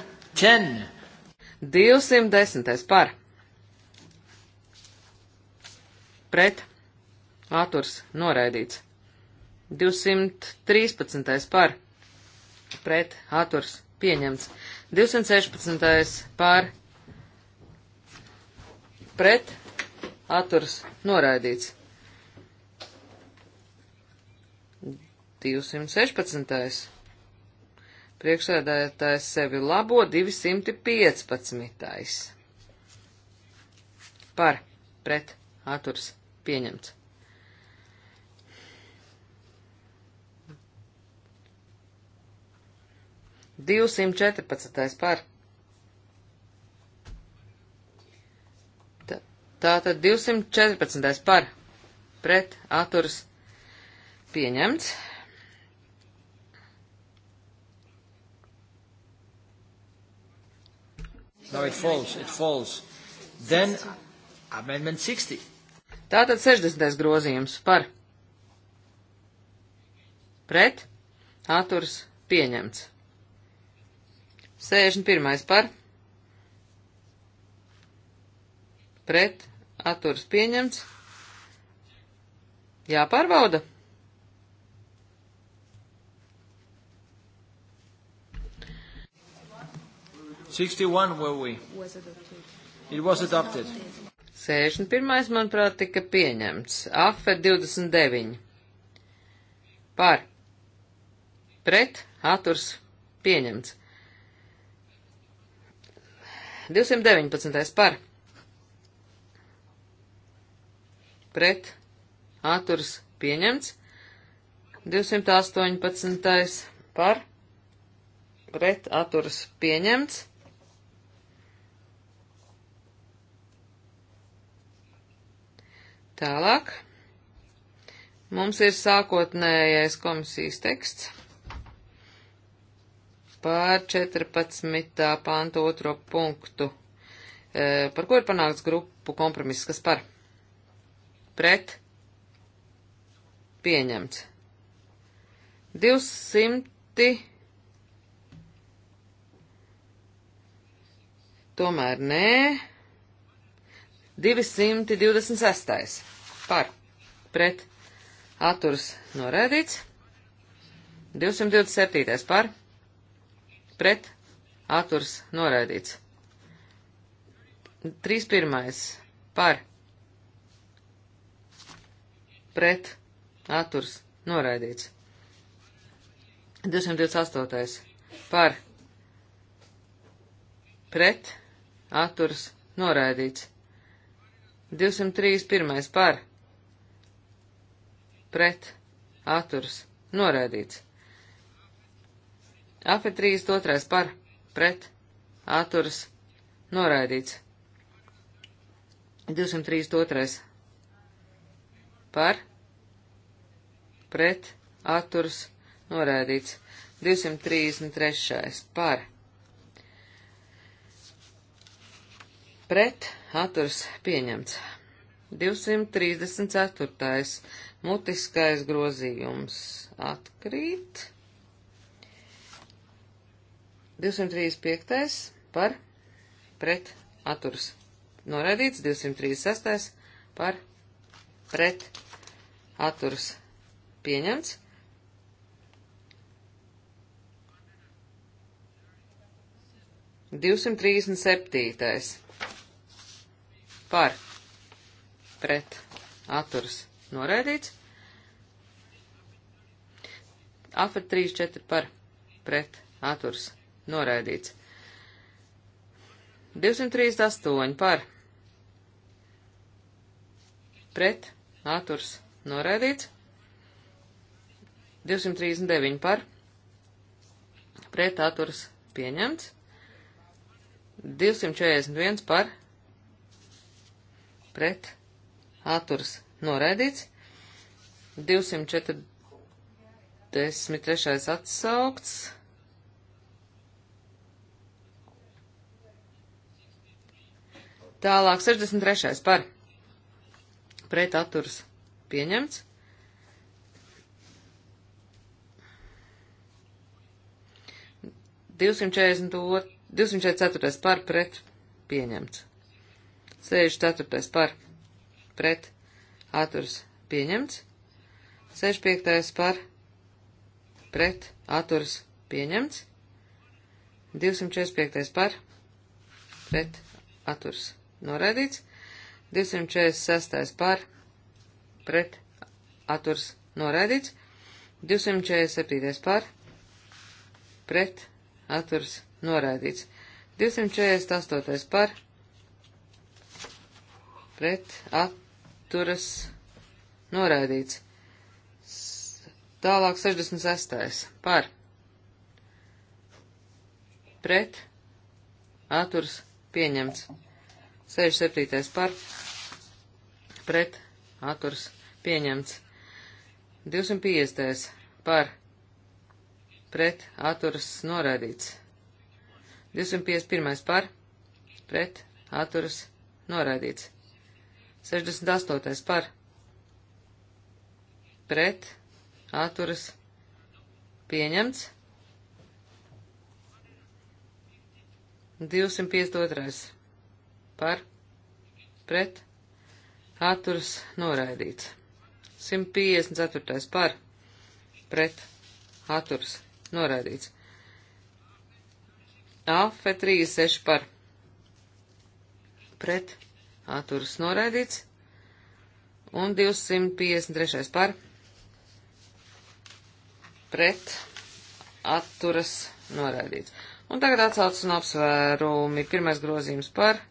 S2: 210. par. Pret. Atturs noraidīts. 213. par. Pret. Atturs pieņemts. 216. par. Pret atturas noraidīts. 216. Priekšsēdētājs sevi labo 215. Par, pret, atturs, pieņemts. Divsimt četrpadsmitais par Tātad 214. par pret atturas pieņemts. No, it falls, it falls. Then amendment 60. Tātad 60. grozījums par pret atturas pieņemts. 61. par pret pret atturas pieņemts. Jāpārbauda. Sixty-one were we?
S1: It was adopted.
S2: 61. manuprāt, tika pieņemts. AFE 29. Par. Pret. Atturs. Pieņemts. 219. par. pret atturs pieņemts. 218. par pret atturs pieņemts. 218. Tālāk. Mums ir sākotnējais komisijas teksts par 14. pāntu otro punktu, eh, par ko ir panākts grupu kompromiss, kas par pret pieņemts. 200 tomēr nē. 226. par pret atturs norēdīts. 227. par pret atturs norēdīts. 31. par pret pret, atturs, noraidīts. 228. par, pret, atturs, noraidīts. 231. par, pret, atturs, noraidīts. Afe 32. par, pret, atturs, noraidīts. 232 par pret atturs norādīts. 233. par pret atturs pieņemts. 234. mutiskais grozījums atkrīt. 235. par pret atturs noraidīts. 236. par pret atturs atturas pieņemts. Divsimt trīsdesmit septītais par pret atturas noraidīts. Afet 3-4 par pret atturas noraidīts. 238 par pret atturas Noraidīts. 239 par. Pret atturas pieņemts. 241 par. Pret atturas noraidīts. 243 atsaukts. 63. par pret atturas Pieņemts. Divsimt četrdesmit par pret pieņemts. Sēž ceturtais par pret atturs pieņemts. Sēž piektais par pret atturs pieņemts. 245 par pret atturs noraidīts. 246 par pret atturs noraidīts, 247. par pret atturs noraidīts, 248. par pret atturas noraidīts, tālāk 66. par pret atturs pieņemts, 67. par pret atturs pieņemts. 250. par pret atturas noraidīts. 251. par pret atturas noraidīts. 68. par pret atturas pieņemts. 252. par pret atturas noraidīts. 154. par pret atturs noraidīts. AF 36 par pret atturs noraidīts. Un 253 par pret atturas noraidīts. Un tagad atsaucas un apsvērumi. Pirmais grozījums par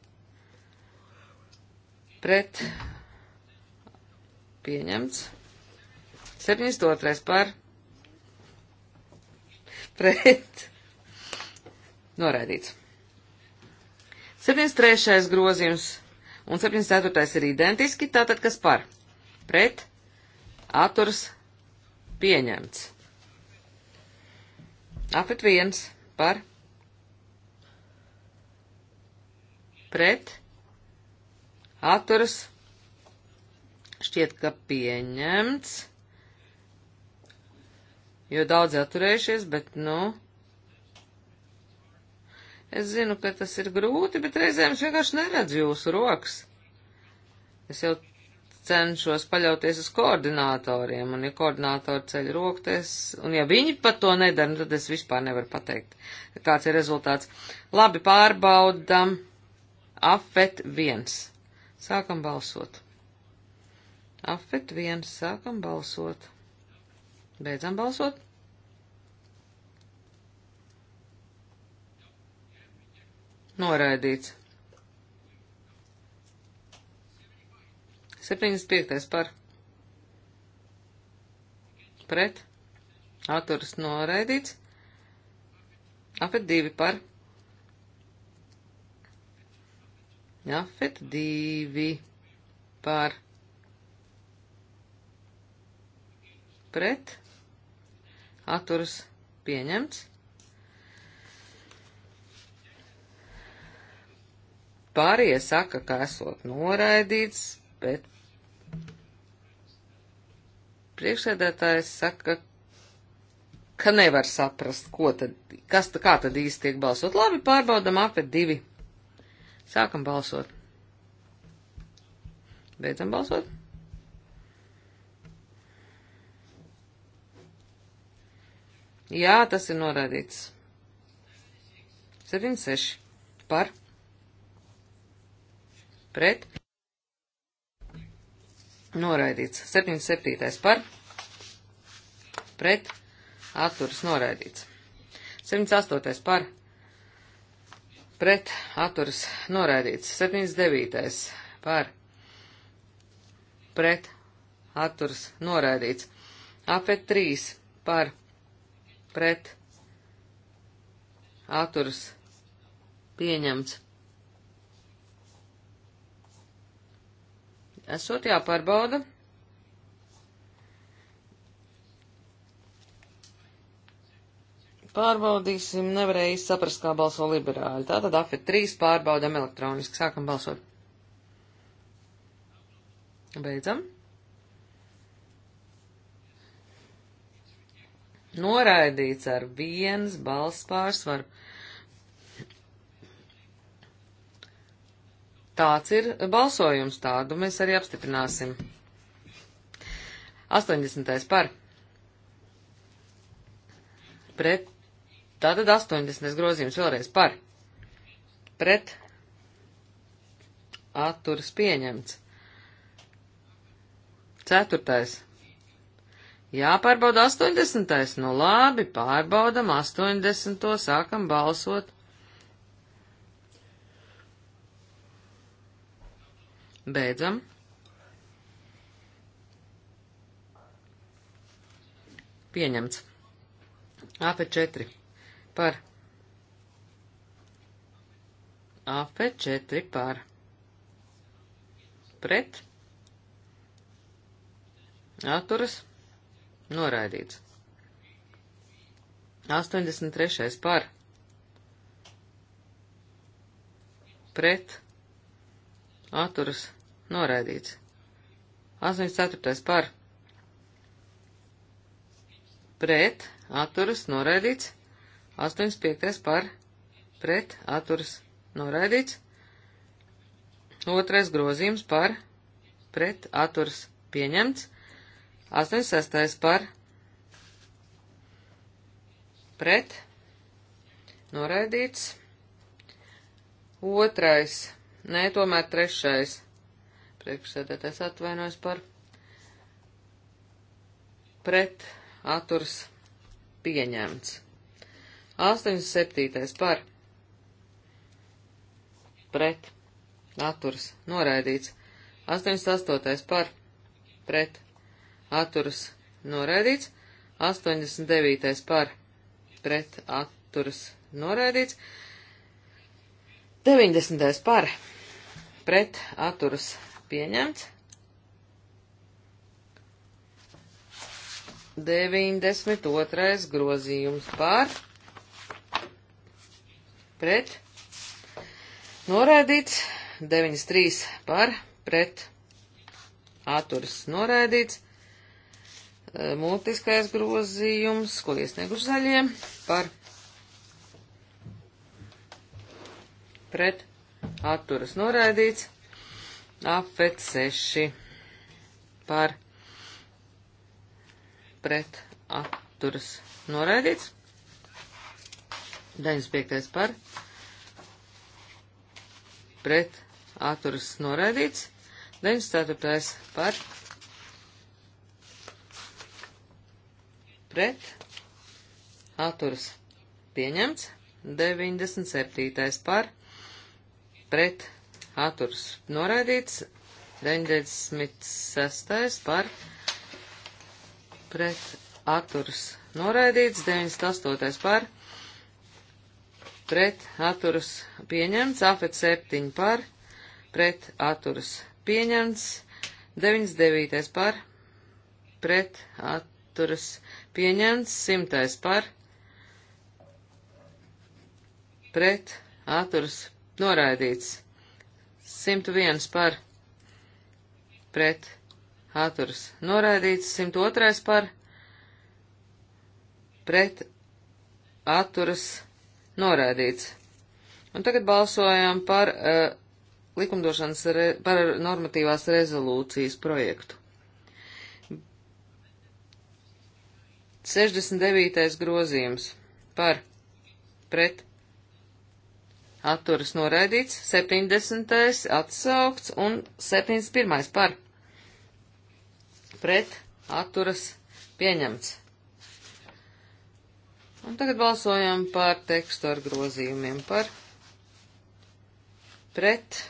S2: pret pieņemts. 72. par pret noraidīts. 73. grozījums un 74. ir identiski, tātad kas par pret atturs pieņemts. Apet viens par pret atturs pieņemts Šķiet, ka pieņemts, jo daudz atturējušies, bet, nu, es zinu, ka tas ir grūti, bet reizēm es vienkārši neredzu jūsu rokas. Es jau cenšos paļauties uz koordinatoriem, un ja koordinatori ceļ rokties, un ja viņi pat to nedara, nu, tad es vispār nevaru pateikt, kāds ir rezultāts. Labi, pārbaudam, afet viens. Sākam balsot. Afet viens, sākam balsot. Beidzam balsot. Noraidīts. 75. par. Pret. Atturas noraidīts. Afet divi par. Afet divi par pret, atturas pieņemts. Pārējie saka, ka esot noraidīts, bet priekšsēdētājs saka, ka nevar saprast, ko tad, kas, kā tad īsti tiek balsot. Labi, pārbaudam apet divi. Sākam balsot. Beidzam balsot. Jā, tas ir norādīts. 76 par pret noraidīts. 77 par pret atturas noraidīts. 108 par pret atturas noraidīts. 79 par pret atturas noraidīts. AP3 par pret pret atturas pieņemts. Esot jāpārbauda. Pārbaudīsim, nevarēja saprast, kā balso liberāļi. Tātad AFE 3 pārbaudam elektroniski, sākam balsot. Beidzam. Noraidīts ar vienas balss pārsvaru. Tāds ir balsojums, tādu mēs arī apstiprināsim. 80. par. Pret. Tātad 80. grozījums vēlreiz par. Pret. Atturas pieņemts. Ceturtais Jāpārbauda 80. Nu labi, pārbaudam 80. sākam balsot. Beidzam. Pieņemts. AP4 par. AP4 par. Pret. Atturas. Noraidīts. 83. par. Pret. Atturas. Noraidīts. 84. par. Pret. Atturas. Noraidīts. 85. par. Pret. Atturas. Noraidīts. Otrais grozījums par. Pret. Atturas. Pieņemts. 86. par pret noraidīts. Otrais, nē, tomēr trešais. Priekšsēdētājs atvainojas par pret atturs pieņemts. 87. par pret atturs noraidīts. 88. par pret atturas noraidīts, 89. par pret atturas noraidīts, 90. par pret atturas pieņemts, 92. grozījums par pret noraidīts, 93. par pret atturas noraidīts, Eh, Multiskais grozījums, ko iesnieguši zaļie par pret atturas noraidīts. Apet 6 par pret atturas noraidīts. 95 par pret atturas noraidīts. 94 par pret pret, atturas pieņemts, 97. par, pret, atturas noraidīts, 96. par, pret, atturas noraidīts, 98. par, pret, atturas pieņemts, afet 7 par, pret, atturas pieņemts, 99. par, pret, atturas pieņemts, pieņemts, simtais par, pret, atturs, noraidīts, 101 par, pret, atturs, noraidīts, 102 par, pret, atturs, noraidīts. Un tagad balsojam par uh, likumdošanas, re, par normatīvās rezolūcijas projektu. 69. grozījums par pret atturas noraidīts, 70. atsaukts un 71. par pret atturas pieņemts. Un tagad balsojam par tekstu ar grozījumiem par pret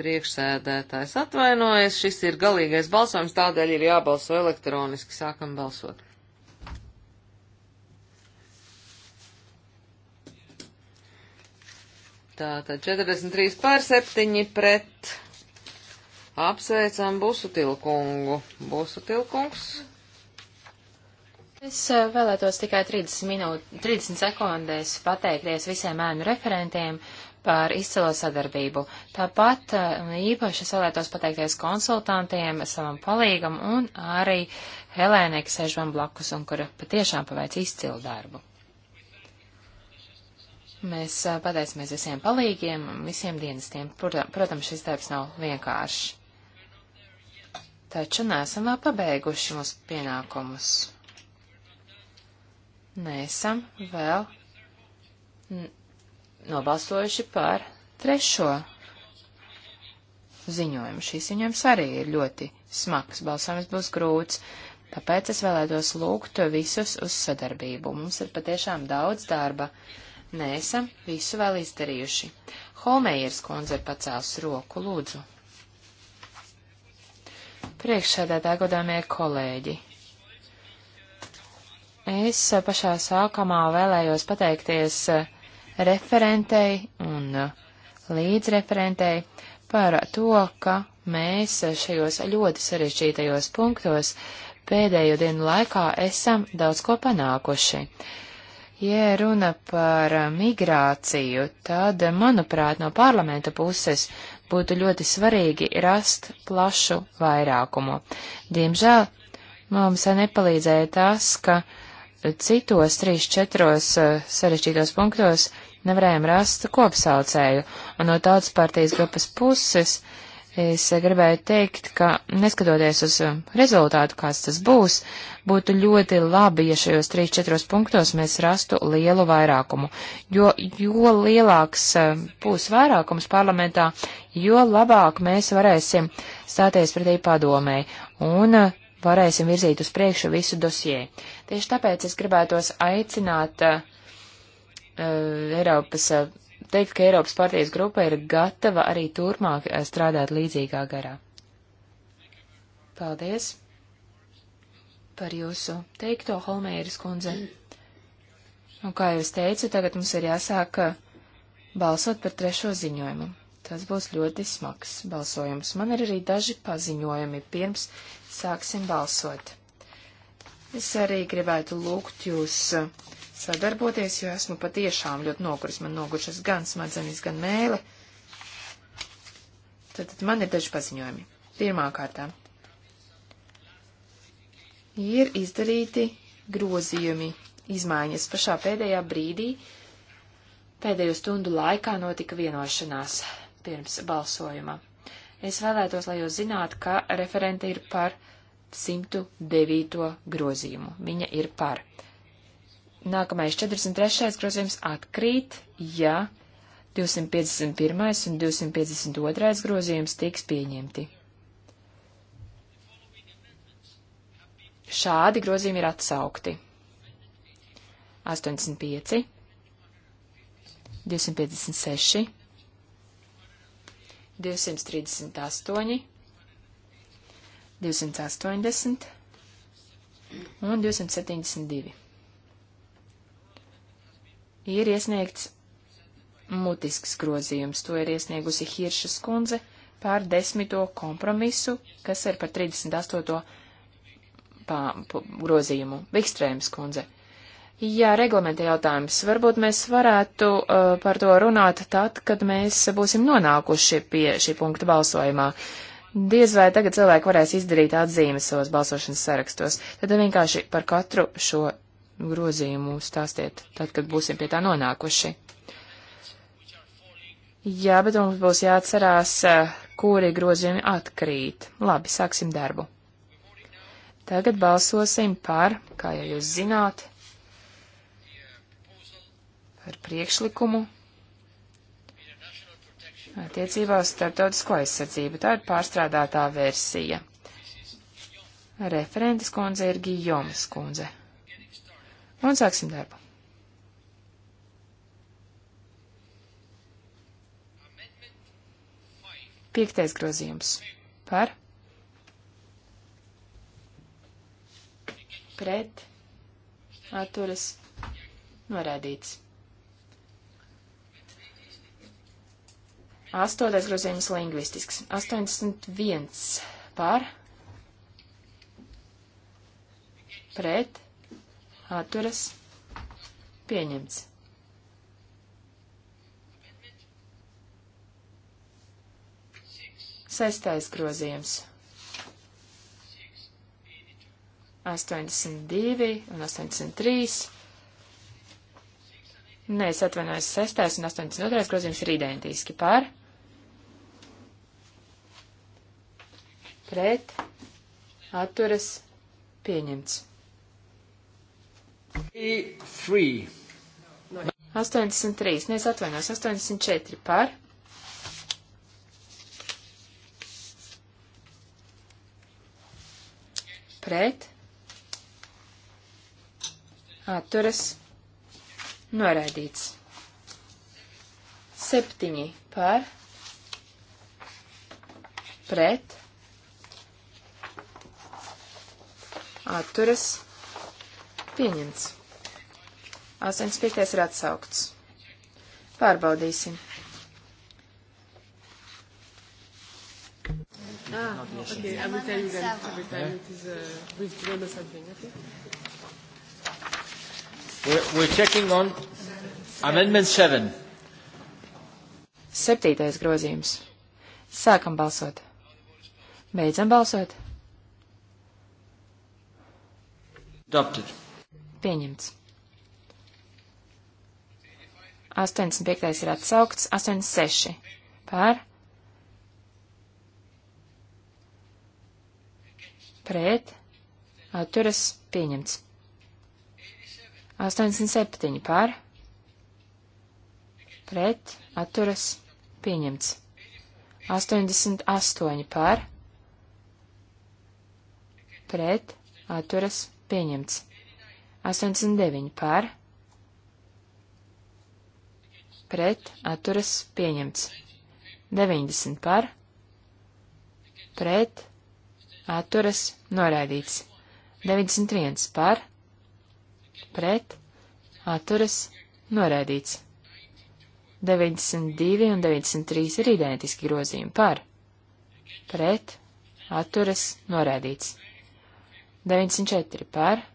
S2: Priekšsēdētājs atvainojas, šis ir galīgais balsojums, tādēļ ir jābalso elektroniski. Sākam balsot. Tātad 43 pār 7 pret. Apsveicam Busutilkungu. Busutilkungs.
S1: Es eh, vēlētos tikai 30, minūti, 30 sekundēs pateikties visiem ēnu referentiem par izcilo sadarbību. Tāpat um, īpaši es vēlētos pateikties konsultantiem, savam palīgam un arī Helēnai, kas sēž man blakus un kura patiešām paveic izcilu darbu. Mēs uh, pateicamies visiem palīgiem, visiem dienestiem. Protams, šis darbs nav vienkāršs. Taču nesam vēl pabeiguši mūsu pienākumus. Nesam vēl nobalsojuši par trešo ziņojumu. Šīs ziņojums arī ir ļoti smags, balsojums būs grūts, tāpēc es vēlētos lūgt visus uz sadarbību. Mums ir patiešām daudz darba. Nēsam visu vēl izdarījuši. Holmējers kundze ir pacēls roku, lūdzu. Priekšsēdētā godāmie kolēģi. Es pašā sākumā vēlējos pateikties uh, referentei un uh, līdzreferentei par to, ka mēs šajos ļoti sarežģītajos punktos pēdējo dienu laikā esam daudz ko panākuši. Ja runa par migrāciju, tad, manuprāt, no parlamenta puses būtu ļoti svarīgi rast plašu vairākumu. Diemžēl mums nepalīdzēja tas, ka citos 3-4 uh, sarežģītos punktos uh, nevarējām rast kopsaucēju, un no tautas partijas grupas puses es gribēju teikt, ka neskatoties uz um, rezultātu, kāds tas būs, būtu ļoti labi, ja šajos 3-4 punktos mēs rastu lielu vairākumu, jo, jo lielāks um, būs vairākums parlamentā, jo labāk mēs varēsim stāties pretī padomēji un uh, varēsim virzīt uz priekšu visu dosie. Tieši tāpēc es gribētos aicināt uh, Eh, Eiropas, eh, teikt, ka Eiropas partijas grupa ir gatava arī turpmāk eh, strādāt līdzīgā garā. Paldies par jūsu teikto, Holmēras kundze. Un kā jau es teicu, tagad mums ir jāsāk balsot par trešo ziņojumu. Tas būs ļoti smags balsojums. Man ir arī daži paziņojumi pirms sāksim balsot. Es arī gribētu lūgt jūs uh, sadarboties, jo esmu patiešām ļoti noguris. Man nogušas gan smadzenes, gan mēle. Tad, tad man ir daži paziņojumi. Pirmā kārtā ir izdarīti grozījumi, izmaiņas pašā pēdējā brīdī. Pēdējo stundu laikā notika vienošanās pirms balsojuma. Es vēlētos, lai jūs zinātu, ka referente ir par 109. grozījumu. Viņa ir par. Uh, Nākamais 43. grozījums atkrīt, ja 251. un 252. grozījums tiks pieņemti. Šādi grozījumi ir atsaukti. 85, 256, 238, 280 un 272 ir iesniegts mutisks grozījums. To ir iesniegusi Hiršas kundze pār desmito kompromisu, kas ir par 38. Pā, pā, grozījumu. Vikstrēms kundze. Jā, reglamenta jautājums. Varbūt mēs varētu uh, par to runāt tad, kad mēs būsim nonākuši pie šī punkta balsojumā. Diez vai tagad cilvēki varēs izdarīt atzīmes savos balsošanas sarakstos. Tad vienkārši par katru šo grozījumu stāstiet, tad, kad būsim pie tā nonākuši. Jā, bet mums būs jāatcerās, eh, kuri grozījumi atkrīt. Labi, sāksim darbu. Tagad balsosim par, kā jau jūs zināt, par priekšlikumu attiecībā uz starptautisko aizsardzību. Tā ir pārstrādātā versija. Referentes kundze ir Gijomas kundze. Un sāksim darbu. Piektais grozījums par pret atturas norādīts. Astotais grozījums lingvistisks. 81 par pret atturas pieņemts. Sestais grozījums. 82 un 83. Nē, es atvainojos, 6. un 82. grozījums ir identiski par. Pret. Atturas. Pieņemts. 83. 83. Nē, es atvainojos. 84 par. Pret. Atturas. Noraidīts. 7 par. Pret. Atturas. Pieņemts. 85. ir atsaukts. Pārbaudīsim.
S2: Ah, okay. I will tell you then every time it is
S1: uh, withdrawn or something. Okay. We're, we're checking on amendment seven. Septītais grozījums. Sākam balsot. Beidzam balsot. Adopted. Pieņemts. 85. ir atsaukts, 86. Par. Pret. Atturas pieņemts. 87. Par. Pret. Atturas pieņemts. 88. Par. Pret. Atturas pieņemts. 89. Par pret atturas pieņemts. 90 par, pret atturas noraidīts. 91 par, pret atturas noraidīts. 92 un 93 ir identiski grozījumi par, pret atturas noraidīts. 94 par,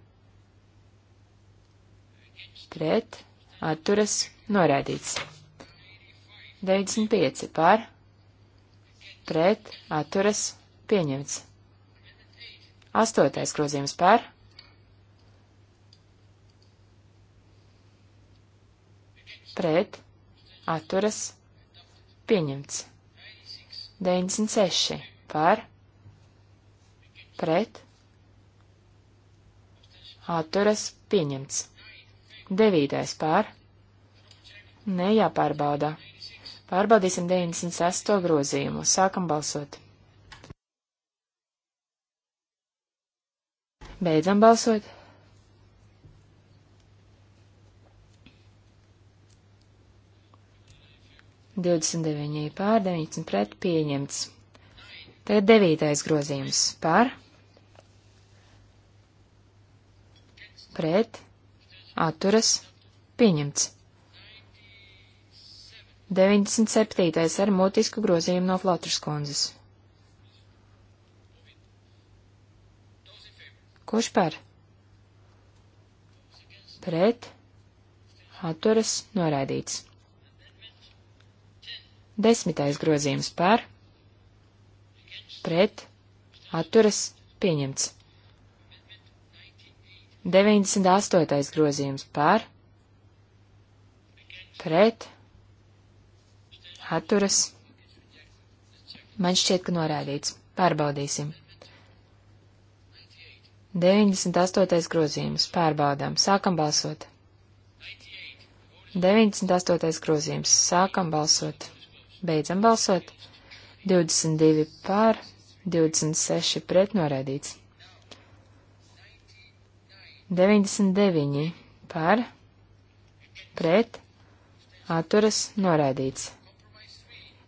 S1: pret atturas noraidīts atturas noraidīts. 95 par, pret, atturas, pieņemts. 8. grozījums par, pret, atturas, pieņemts. 96 par, pret, atturas, pieņemts. Devītais pār. Nē, jāpārbauda. Pārbaudīsim 96. grozījumu. Sākam balsot. Beidzam balsot. Divdesmit deviņi pār, deviņdesmit pret, pieņemts. Tagad devītais grozījums. Pār. Pret atturas, pieņemts. 97. ar mutisku grozījumu no Flotras kundzes. Kurš par? Pret, atturas, noraidīts. Desmitais grozījums par, pret, atturas, pieņemts. 98. grozījums par, pret, atturas. Man šķiet, ka norādīts. Pārbaudīsim. 98. grozījums. Pārbaudām. Sākam balsot. 98. grozījums. Sākam balsot. Beidzam balsot. 22 pār, 26 pret norādīts. 99 par, pret, atturas noraidīts.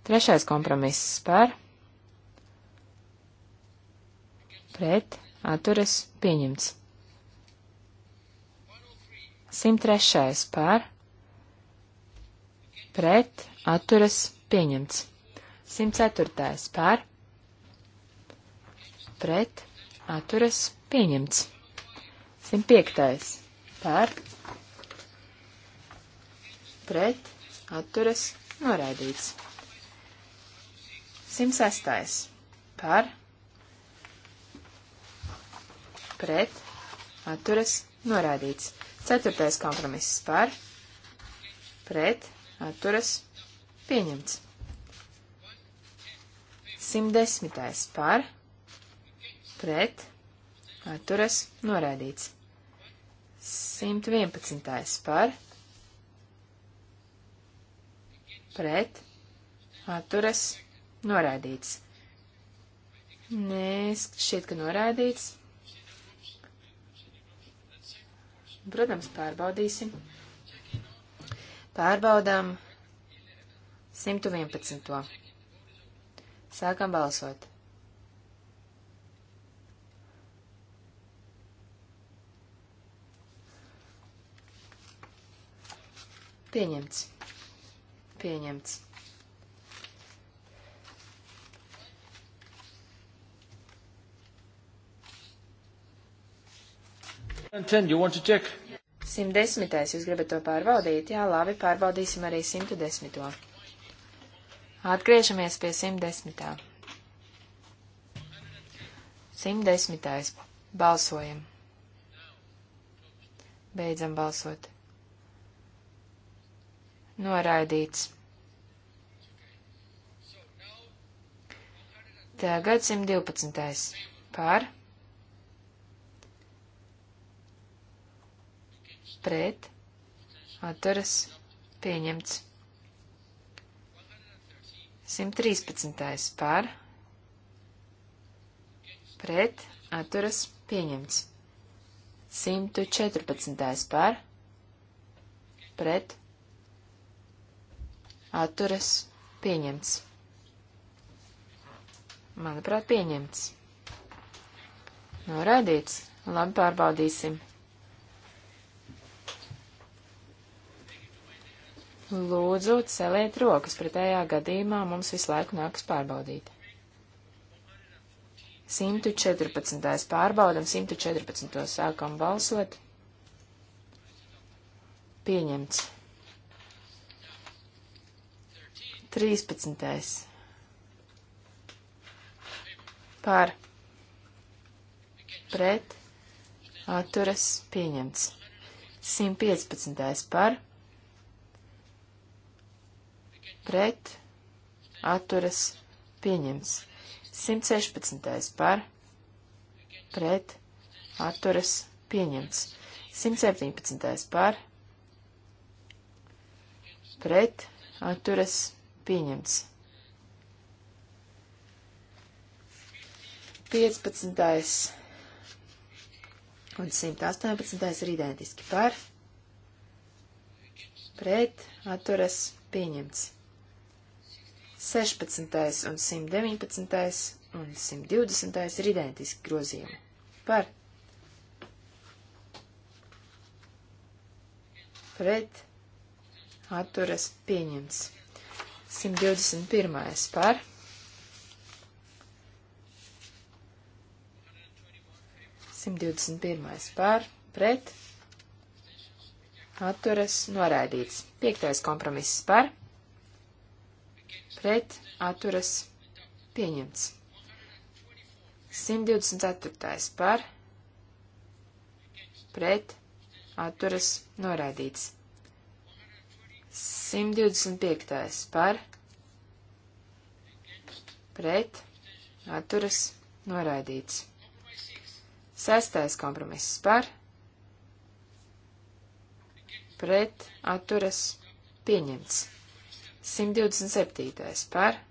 S1: Trešais kompromiss par, pret, atturas pieņemts. 103 par, pret, atturas pieņemts. 104 par, pret, atturas pieņemts. 105. Par. Pret. Atturas. Noraidīts. 106. Par. Pret. Atturas. Noraidīts. 4. kompromiss. Par. Pret. Atturas. Pieņemts. 110. par, pret, atturas, noraidīts. 111. par pret atturas noraidīts. Nē, šķiet, ka noraidīts. Protams, pārbaudīsim. Pārbaudām 111. Sākam balsot. Pieņemts. Pieņemts.
S2: You want to check?
S1: 110. Jūs gribat to pārbaudīt? Jā, labi, pārbaudīsim arī 110. Atgriežamies pie 110. 110. Balsojam. Beidzam balsot. Noraidīts. Tagad 112. Par. Pret. Atturas. Pieņemts. 113. Par. Pret. Atturas. Pieņemts. 114. Par. Pret atturas pieņemts. Manuprāt, pieņemts. Noraidīts. Labi, pārbaudīsim. Lūdzu, celiet rokas, pretējā gadījumā mums visu laiku nāks pārbaudīt. 114. pārbaudam, 114. sākam balsot. Pieņemts. 13. Par pret atturas pieņemts. 115. par pret atturas pieņemts. 116. par pret atturas pieņemts. 117. par pret atturas pieņemts Pieņemts. 15. un 118. ir identiski par, pret, atturas, pieņemts. 16. un 119. un 120. ir identiski grozījumi par, pret, atturas, pieņemts. 121. par. Simt divdesmit pirmais par, pret, atturas, noraidīts. Piektais kompromiss par, pret, atturas, pieņemts. 124. par, pret, atturas, noraidīts. 125. par pret atturas noraidīts. Sestais kompromiss par pret atturas pieņemts. 127. par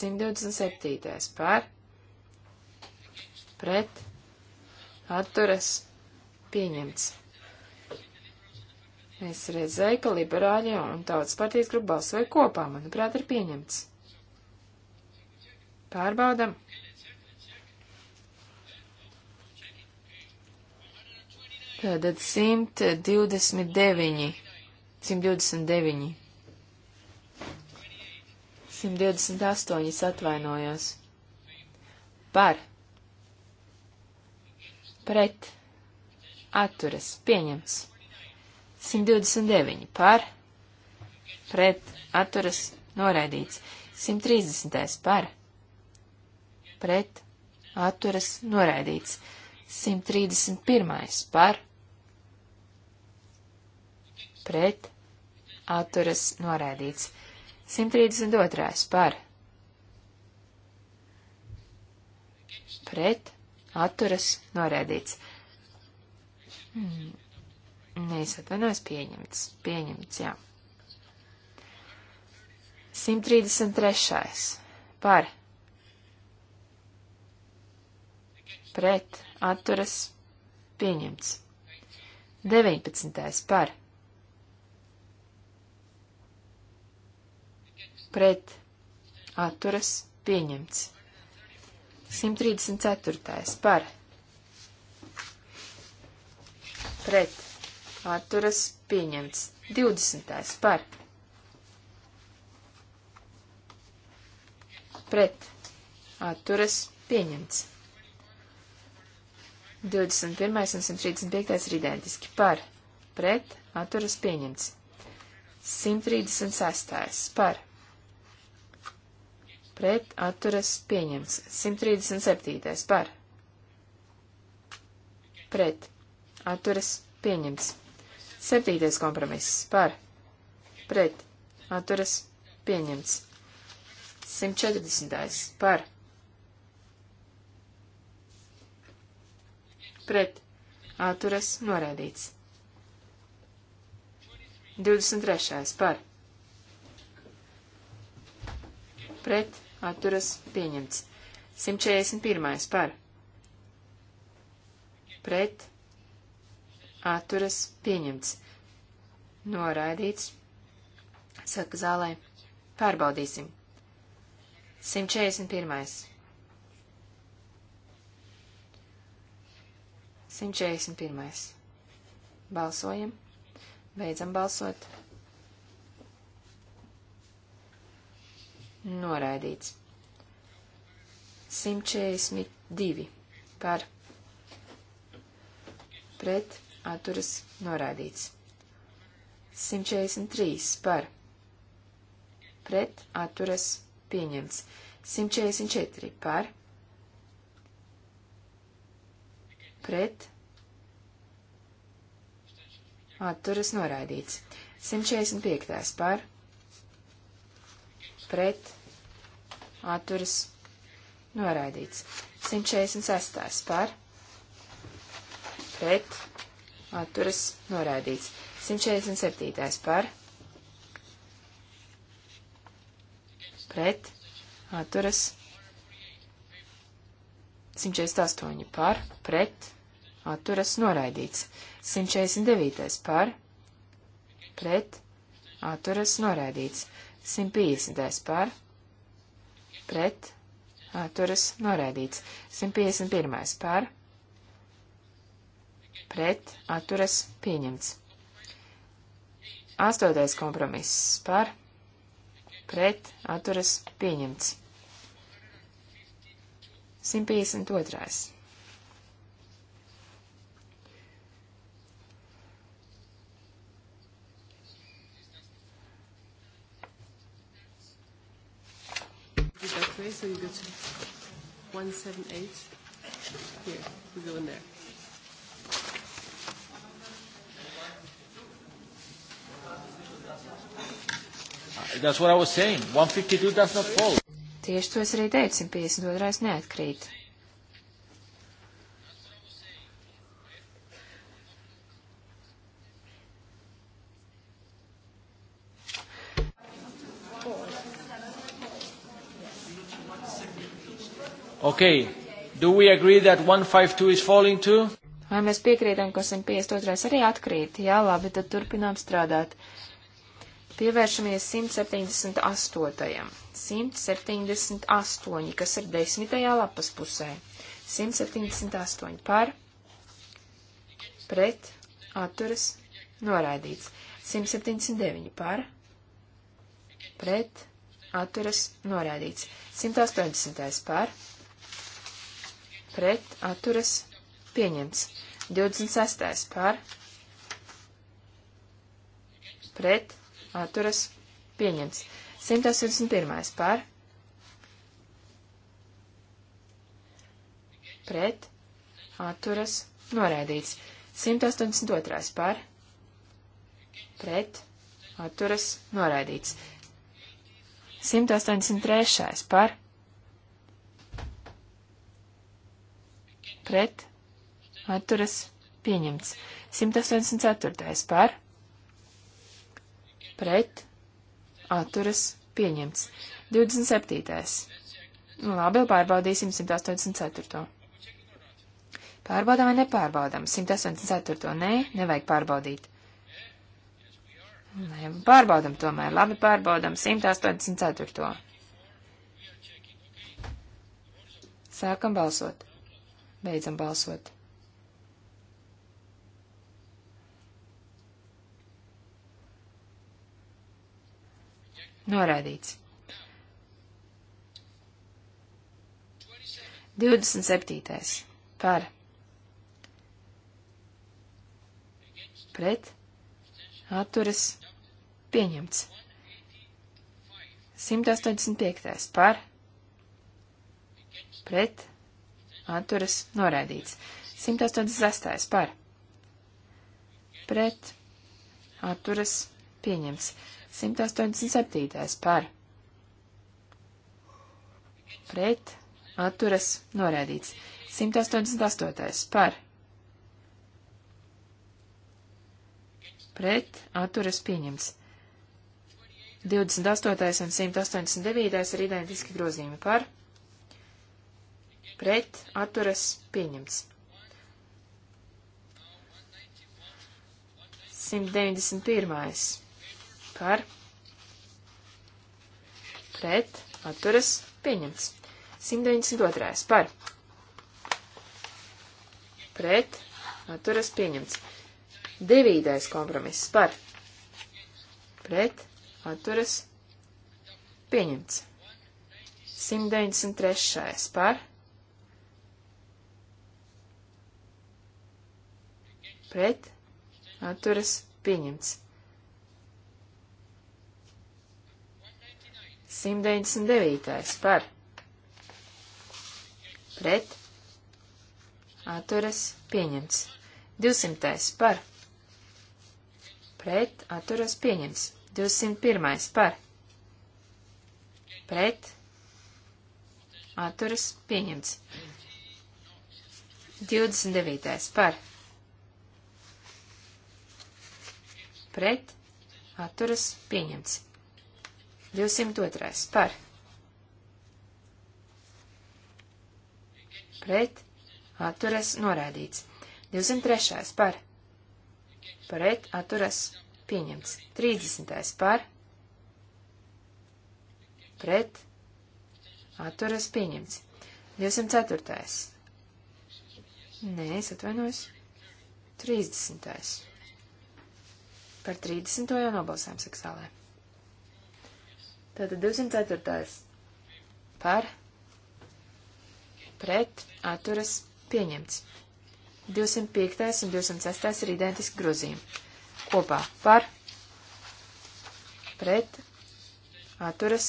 S1: 127. par pret atturas pieņemts Pieņemts. Es redzēju, ka liberāļi un tautas partijas grupa balsoja kopā, manuprāt, ir pieņemts. Pārbaudam. Tātad 129. 129. 128 atvainojos. Par. Pret atturas pieņems. 129 par, pret atturas noraidīts. 130 par, pret atturas noraidīts. 131 par, pret atturas noraidīts. 132 par, pret atturas noraidīts. Hmm. Nē, es atvainojos, pieņemts. Pieņemts, jā. 133. Par. Pret. Atturas. Pieņemts. 19. Par. Pret. Atturas. Pieņemts. 134. Par pret, atturas pieņemts. 20. par, pret, atturas pieņemts. 21. un 135. ir identiski par, pret, atturas pieņemts. 136. par, pret, atturas pieņemts. 137. par, pret, atturas pieņemts. Septītais kompromiss par pret atturas pieņemts. 140. par pret atturas noraidīts. 23. par pret atturas pieņemts. 141. par pret atturas pieņemts. Noraidīts. Saka zālē. Pārbaudīsim. 141. 141. Balsojam. Beidzam balsot. Noraidīts. 142 par pret atturas noraidīts. 143 par pret atturas pieņemts. 144 par pret atturas noraidīts. 145 par pret atturas noraidīts. 146 par pret atturas norādīts. 147. par pret atturas 148 par pret atturas noraidīts. 149 par pret atturas noraidīts. 150 par pret atturas noraidīts. 151 par pret pret atturas pieņemts. Astotais kompromiss par pret atturas pieņemts. 152. so you go to 178. Here, we go in there. Uh, that's what I was saying. 152 does not fall. Tieši to es arī teicu, 152 neatkrīt.
S2: Okay. Do we agree that 152 is falling too?
S1: Vai mēs piekrītam, ka 152 arī atkrīt? Jā, labi, tad turpinām strādāt. Pievēršamies 178. 178, kas ir desmitajā lapas pusē. 178 par, pret, atturas, noraidīts. 179 par, pret, atturas, noraidīts. 180 par, pret, atturas, pieņemts. 26 par, pret, atturas pieņemts. 181. par pret atturas noraidīts. 182. par pret atturas noraidīts. 183. par pret atturas pieņemts. 184. par pret, atturas, pieņemts. 27. Labi, pārbaudīsim 184. Pārbaudām vai nepārbaudām? 184. Nē, nevajag pārbaudīt. Nē, pārbaudam tomēr. Labi, pārbaudam 184. Sākam balsot. Beidzam balsot. Noraidīts. 27. par pret atturas pieņemts. 185. par pret atturas noraidīts. 186. par pret atturas pieņemts. 187. par pret atturas norēdīts. 188. par pret atturas pieņems. 28. un 189. ir identiski grozījumi par pret atturas pieņems. 191 par pret atturas pieņemts. 192. par pret atturas pieņemts. 9. kompromiss par pret atturas pieņemts. 193. par pret atturas pieņemts. 199. par pret atturas pieņemts. 200. par pret atturas pieņemts. 201. par pret atturas pieņemts. 29. par pret atturas pieņemts. 202. par. Pret. Atturas norādīts. 203. par. Pret. Atturas pieņemts. 30. par. Pret. Atturas pieņemts. 204. Nē, es atvainojos. 30. Par 30. jau nobalsām seksuālajā. Tātad 204. par pret atturas pieņemts. 205. un 206. ir identiski grozījumi. Kopā par pret atturas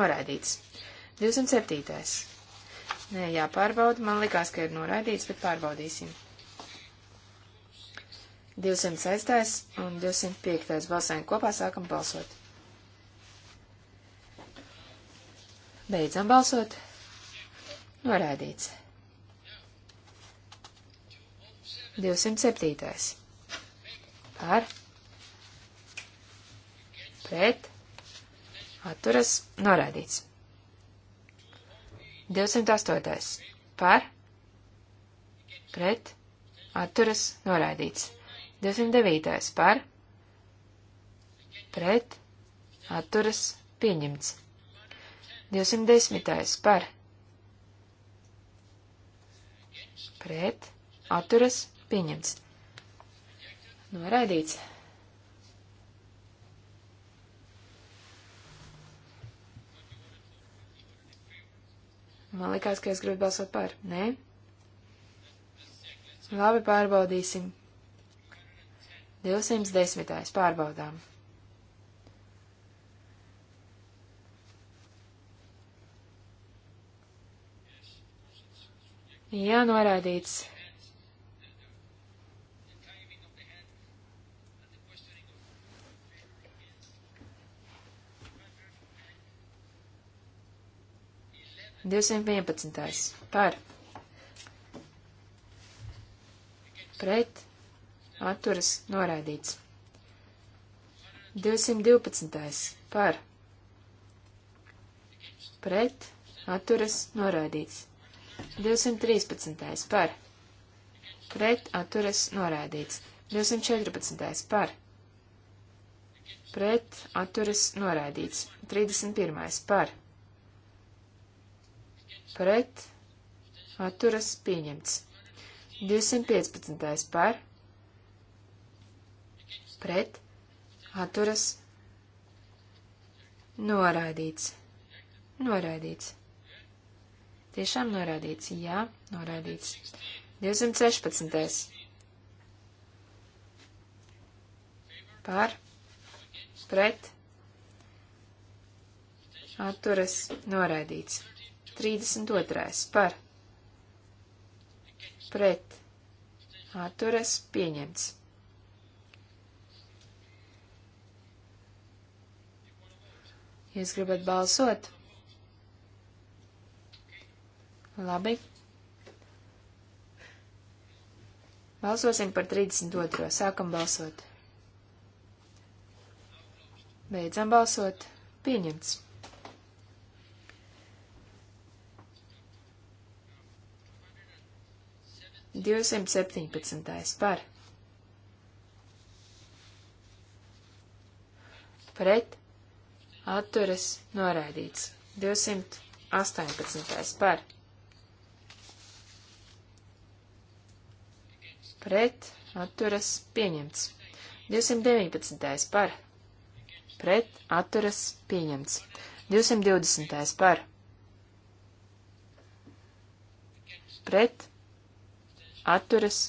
S1: noraidīts. 207. Nē, jāpārbauda. Man likās, ka ir noraidīts, bet pārbaudīsim. 206. un 205. balsēm kopā sākam balsot. Beidzam balsot. Norādīts. 207. Par. Pret. Atturas. Norādīts. 208. Par. Pret. Atturas. Norādīts. 209. Par. Pret. Atturas. Pieņemts. 210. par pret atturas pieņemts. Noraidīts. Man likās, ka es gribu balsot par. Nē? Labi, pārbaudīsim. 210. pārbaudām. Jā, noraidīts. Divsimt vienpadsmitais. Par. Pret. Atturas. Noraidīts. 212. par pret atturas norādīts. 213. par pret atturas norādīts. 214. par pret atturas norādīts. 31. par pret atturas pieņemts. 215. par pret atturas norādīts. Noraidīts. Tiešām norādīts. Jā, norādīts. 216. Par. Pret. Atturas. Norādīts. 32. Par. Pret. Atturas. Pieņemts. Jūs gribat balsot? Labi. Balsosim par 32. Sākam balsot. Beidzam balsot. Pieņemts. Divsimt septiņpadsmitais par. Pret. Atturas noraidīts. 218. par. pret, atturas, pieņemts. 219. par, pret, atturas, pieņemts. 220. par, pret, atturas,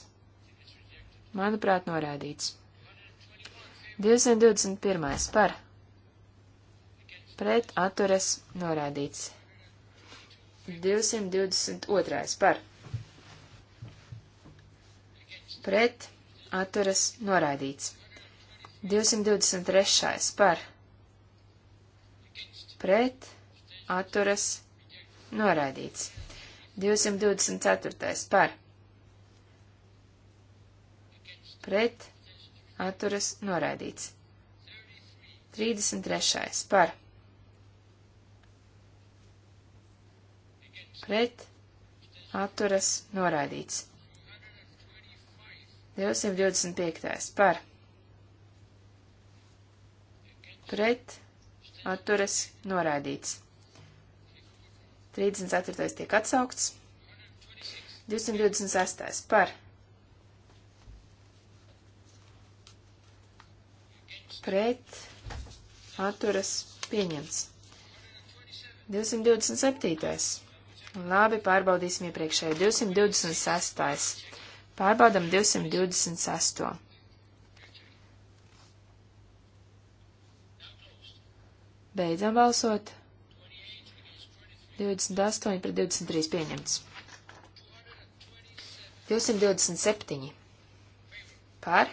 S1: manuprāt, norādīts. 221. par, pret, atturas, norādīts. 222. par pret atturas noraidīts. 223. par pret atturas noraidīts. 224. par pret atturas noraidīts. 33. par pret atturas noraidīts. 225. par pret atturas noraidīts. 34. tiek atsaukts. 226. par pret atturas pieņemts. 227. Labi, pārbaudīsim iepriekšēju. 226. Pārbaudam 226. Beidzam balsot. 28 pret 23 pieņemts. 227. Par.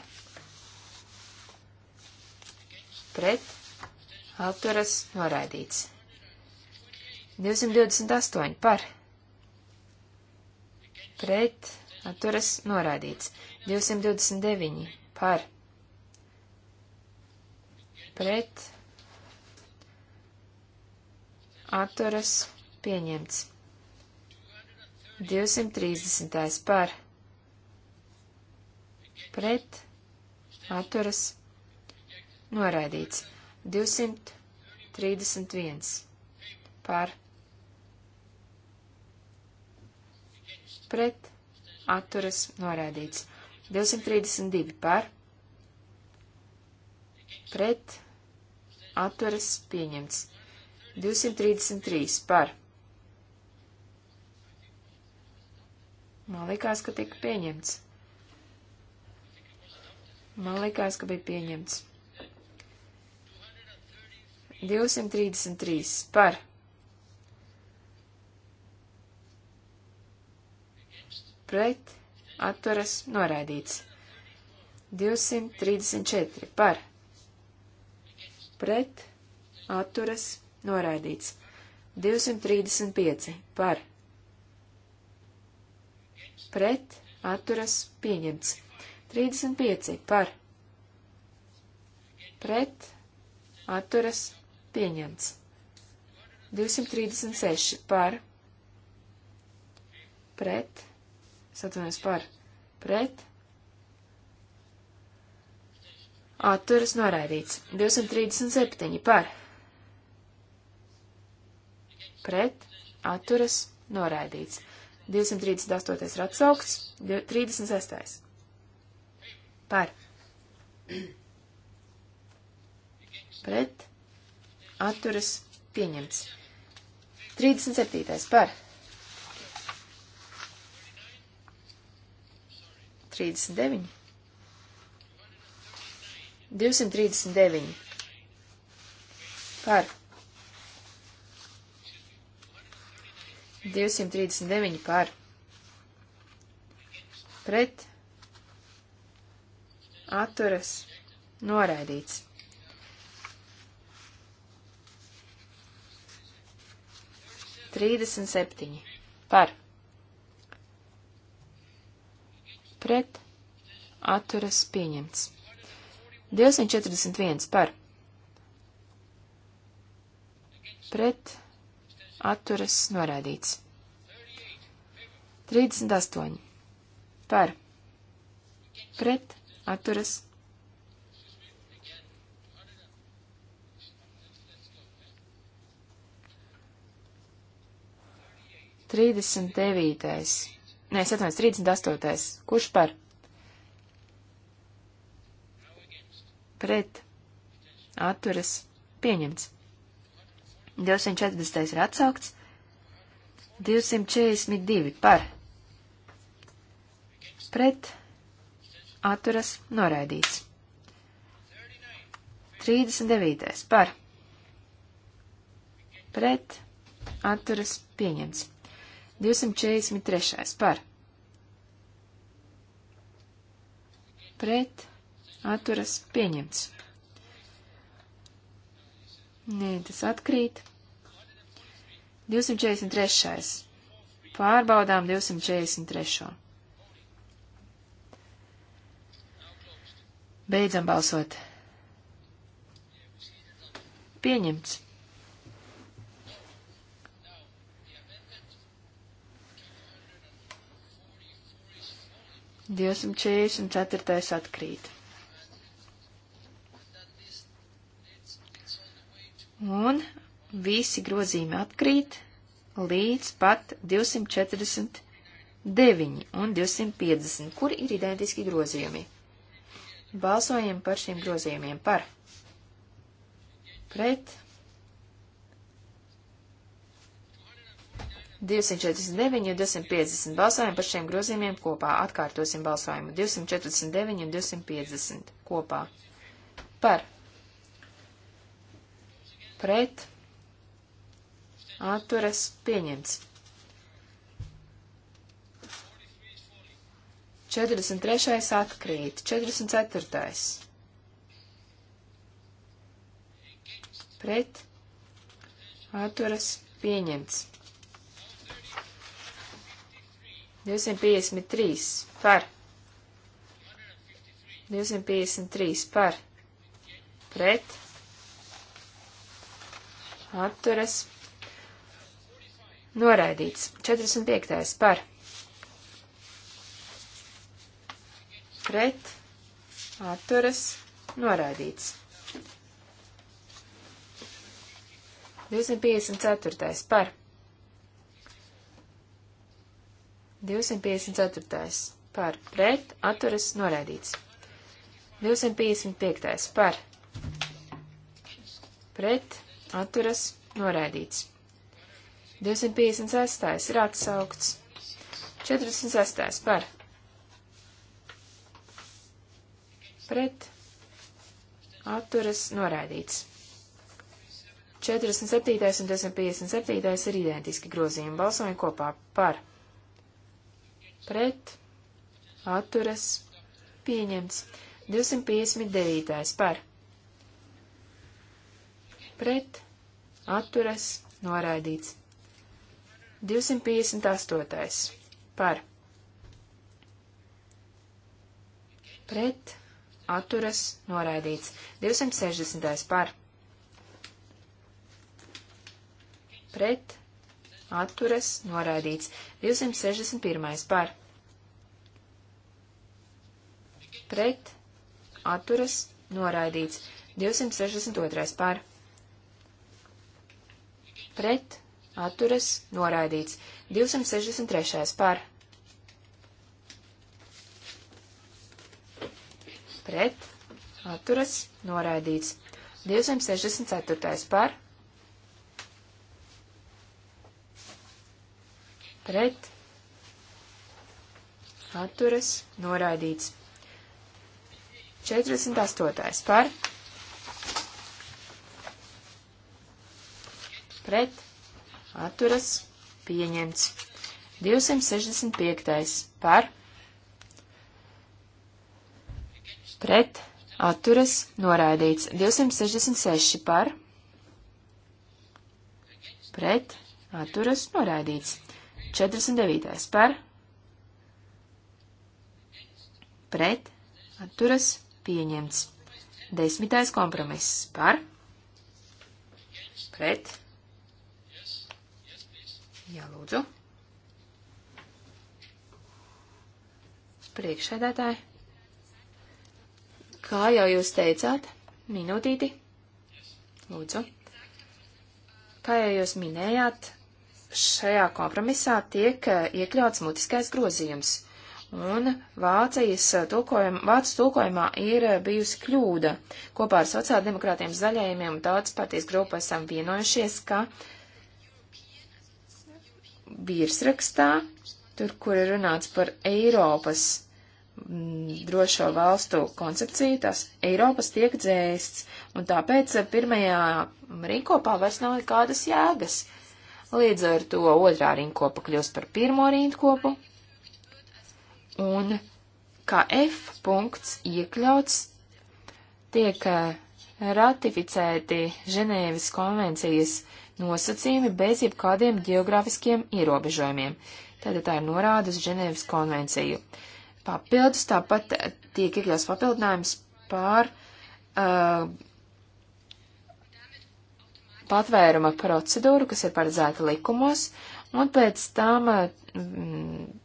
S1: Pret. Autoras noraidīts. 228. Par. Pret atturas noraidīts. 229 par pret atturas pieņemts. 230 par pret atturas noraidīts. 231 par pret atturas norādīts. 232 par, pret, atturas pieņemts. 233 par. Man likās, ka tika pieņemts. Man likās, ka bija pieņemts. 233 par pret, atturas, noraidīts. 234 par, pret, atturas, noraidīts. 235 par, pret, atturas, pieņemts. 35 par, pret, atturas, pieņemts. 236 par, pret, Sacinies par pret. Atturas noraidīts. 237 par pret. Atturas noraidīts. 238 ir atsaukts. 36. Par pret, atturas, pieņemts. 37. par, 239. 239. Par. 239 par. Pret. Atturas. Noraidīts. Trīsdesmit septiņi. Par. pret, atturas pieņemts. 241 par, pret, atturas norādīts. 38 par, pret, atturas Trīsdesmit devītais Nē, 738. Kurš par? Pret. Atturas. Pieņemts. 240. ir atsaukts. 242 par. Pret. Atturas. Noraidīts. 39. par. Pret. Atturas. Pieņemts. 243. par pret atturas pieņemts. Nē, tas atkrīt. 243. Pārbaudām 243. Beidzam balsot. Pieņemts. 244. atkrīt. Un visi grozījumi atkrīt līdz pat 249 un 250, kur ir identiski grozījumi. Balsojam par šiem grozījumiem par pret 249 un 250 balsojumu par šiem grozījumiem kopā. Atkārtosim balsojumu 249 un 250 kopā. Par. Pret. Atturas pieņemts. 43. atkrīt. 44. Pret. Atturas pieņemts. 253 par. 253 par. Pret. Atturas. Noraidīts. 45. par. Pret. Atturas. Noraidīts. 254. par 254. par pret atturas noraidīts. 255. par pret atturas noraidīts. 256. ir atsaukts. 46. par pret atturas noraidīts. 47. un 257. ir identiski grozījumi. Balsojam kopā par pret, atturas, pieņemts. 259. par, pret, atturas, noraidīts. 258. par, pret, atturas, noraidīts. 260. par, pret, atturas, noraidīts. 261. par pret, atturas, noraidīts. 262. par pret, atturas, noraidīts. 263. par pret, atturas, noraidīts. 264. par pret, pret, atturas, noraidīts. 48. par, pret, atturas, pieņemts. 265. par, pret, atturas, noraidīts. 266 par, pret, atturas, noraidīts. 49. par pret atturas pieņemts. Desmitais kompromiss par pret. Jā, lūdzu. Priekšsēdētāji. Kā jau jūs teicāt, minūtīti. Lūdzu. Kā jau jūs minējāt, šajā kompromisā tiek eh, iekļauts mutiskais grozījums, un Vācijas eh, tulkojum, Vācijas tulkojumā ir eh, bijusi kļūda. Kopā ar sociāldemokrātiem zaļajiem un tautas partijas grupu esam vienojušies, ka virsrakstā, tur, kur ir runāts par Eiropas mm, drošo valstu koncepciju, tās Eiropas tiek dzēsts, un tāpēc pirmajā rīkopā vairs nav nekādas jēgas. Uh, Līdz ar to otrā rindkopa kļūst par pirmo rindkopu. Un kā F punkts iekļauts, tiek eh, ratificēti Ženēvis konvencijas nosacījumi bez jebkādiem geogrāfiskiem ierobežojumiem. Tātad tā ir norāda uz Ženēvis konvenciju. Papildus tāpat tiek iekļauts papildinājums pār uh, eh, patvēruma procedūru, kas ir paredzēta likumos, un pēc tam. Eh, mm,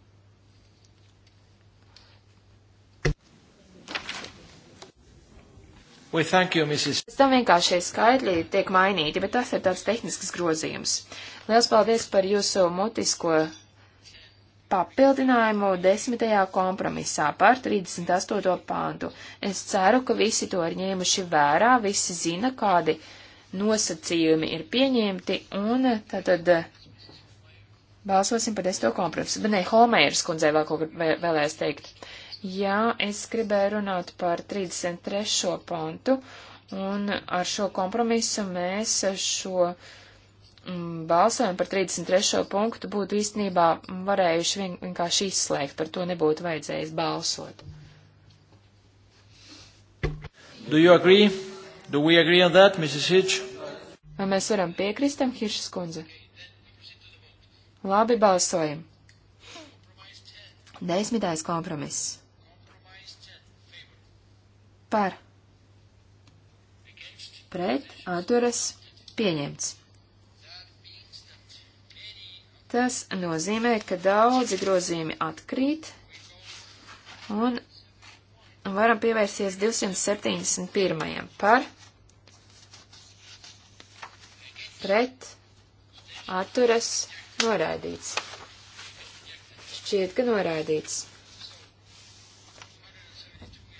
S1: Pēc well, tam vienkāršie skaitļi tiek mainīti, bet tas ir tāds tehnisks grozījums. Liels paldies par jūsu mutisko papildinājumu desmitajā kompromisā par 38. pāntu. Es ceru, ka visi to ir ņēmuši vērā, visi zina, kādi nosacījumi ir pieņemti, un tātad eh, balsosim par desmito kompromisu. Bet ne, Holmēras kundzei vēl ko vēlēs teikt. Jā, es gribēju runāt par 33. pantu, un ar šo kompromisu mēs šo mm, balsojumu par 33. punktu būtu īstenībā varējuši vien, vienkārši izslēgt, par to nebūtu vajadzējis balsot. Do you agree? Do we agree on that, Mrs. Hitch? Vai mēs varam piekrist tam, Hiršas kundze? Labi, balsojam. Desmitais kompromiss. Par. Pret atturas pieņemts. Tas nozīmē, ka daudzi grozījumi atkrīt, un varam pievērsties 271. par pret atturas noraidīts. Šķiet, ka noraidīts.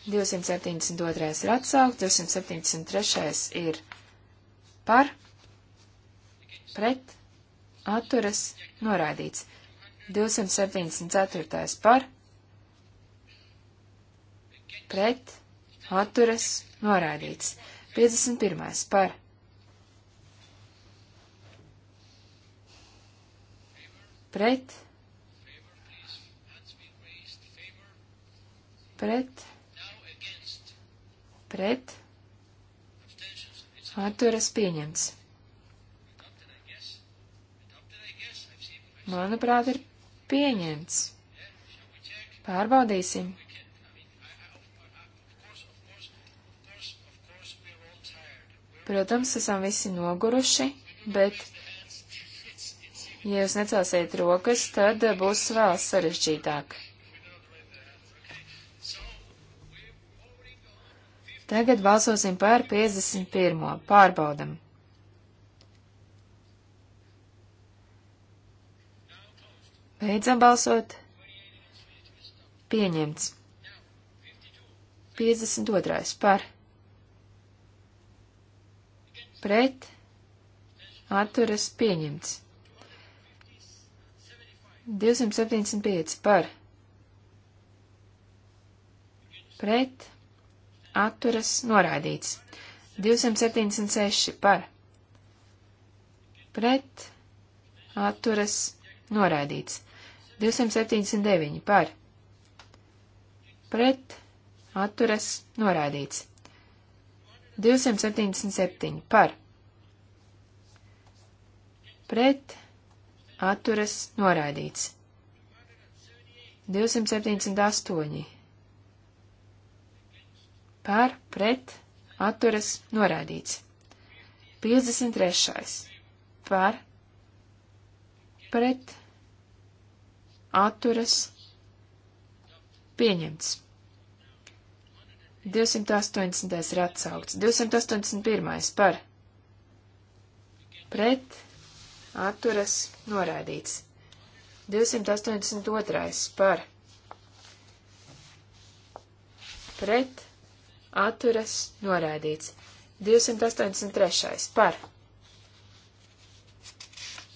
S1: 272. ir atsaukt, 273. ir par pret atturas noraidīts. 274. par pret, atturas, norādīts. 51. par. Pret. Pret. Pret. Atturas pieņemts. Manuprāt, ir pieņemts. Pārbaudīsim. Protams, esam visi noguruši, bet, ja jūs necelsiet rokas, tad būs vēl sarežģītāk. Tagad balsosim par 51. Pārbaudam. Beidzam balsot. Pieņemts. 52. par pret, atturas pieņemts. 275 par, pret, atturas noraidīts. 276 par, pret, atturas noraidīts. 279 par, pret, atturas noraidīts. 277 par pret atturas noraidīts. 278 par pret atturas noraidīts. 53. par pret atturas pieņemts. 280. ir atsaukts. 281. par pret atturas noraidīts. 282. par pret atturas noraidīts. 283. par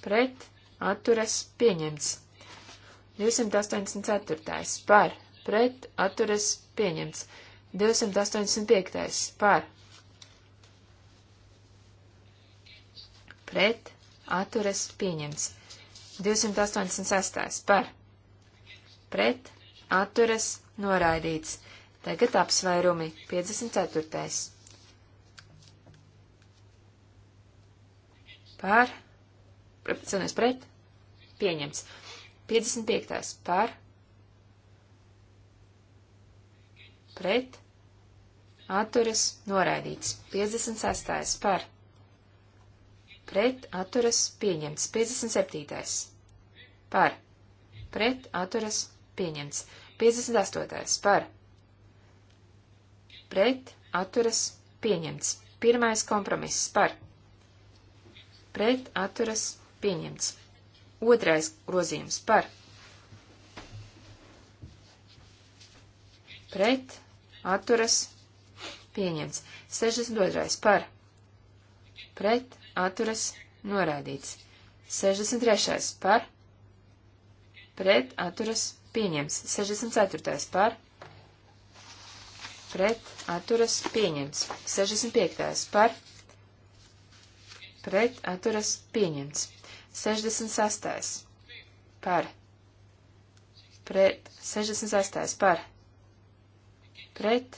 S1: pret atturas pieņemts. 284. par pret atturas pieņemts. 285. par pret atturas pieņemts. 286. par pret atturas noraidīts. Tagad apsvairumi 54. par, cenies pret, pieņemts. 55. par pret, atturas, noraidīts. 56. par, pret, atturas, pieņemts. 57. par, pret, atturas, pieņemts. 58. par, pret, atturas, pieņemts. Pirmais kompromiss par, pret, atturas, pieņemts. Otrais grozījums par, pret, atturas, pieņemts. 62. par, pret, atturas, norādīts. 63. par, pret, atturas, pieņemts. 64. par, pret, atturas, pieņemts. 65. par, pret, atturas, pieņemts. 66. par, pret, 68. par, pret,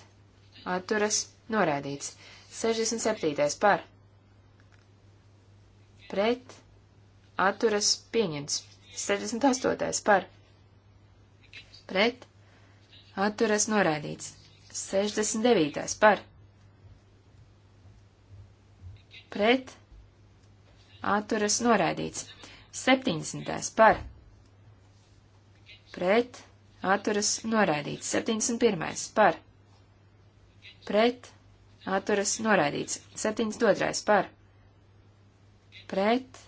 S1: atturas, norādīts. 67. par, pret, atturas, pieņemts. 68. par, pret, atturas, norādīts. 69. par, pret, atturas, norādīts. 70. par, pret, atturas, norādīts. 71. par, pret, pret, atturas noraidīts. 72. par, pret,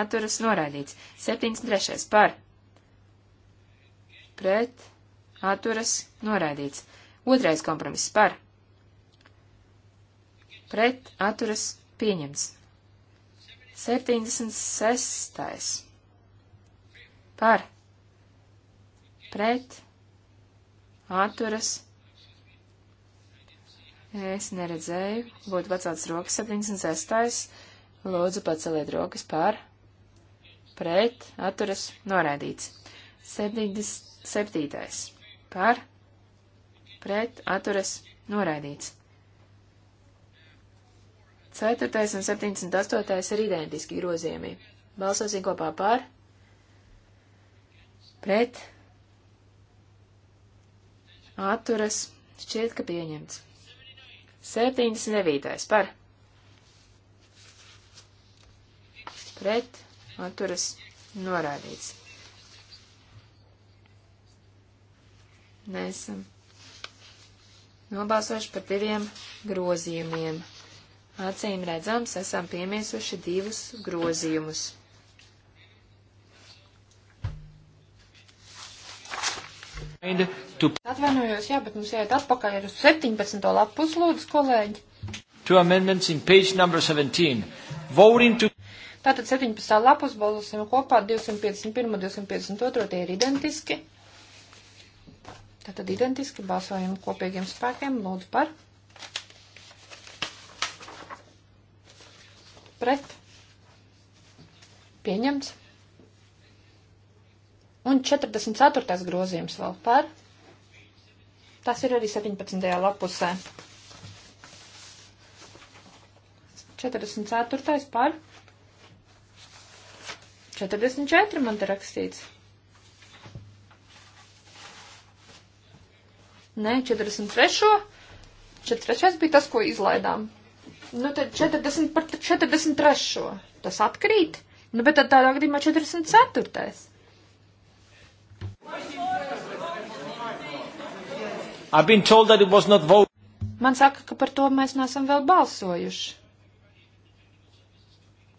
S1: atturas noraidīts. 73. par, pret, atturas noraidīts. Otrais kompromiss par, pret, atturas pieņemts. 76. par, pret, atturas noraidīts Es neredzēju. Būtu pacelts rokas 76. Lūdzu, paceliet rokas pār. Pret. Atturas. Noraidīts. 77. Pār. Pret. Atturas. Noraidīts. 4. un 78. ir identiski grozījumi. Balsosim kopā pār. Pret. Atturas. Šķiet, ka pieņemts. 79. par pret atturas norādīts. Nesam nobalsojuši par diviem grozījumiem. Acīm redzams, esam piemiesuši divus grozījumus. Atvainojos, jā, bet mums jāiet atpakaļ uz 17. lapus, lūdzu, kolēģi. Two amendments in page number 17. Voting to. Tātad 17. lapus balsosim kopā 251, 252, tie ir identiski. Tātad identiski balsojam kopīgiem spēkiem, lūdzu par. Pret. Pieņemts. Un 44. grozījums vēl par. Tas ir arī 17. lapusē. 44. par. 44 man te rakstīts. Nē, 43. 43. bija tas, ko izlaidām. Nu, tad 40 par 43. Tas atkrīt. Nu, bet tad tādā gadījumā 44. Man saka, ka par to mēs neesam vēl balsojuši.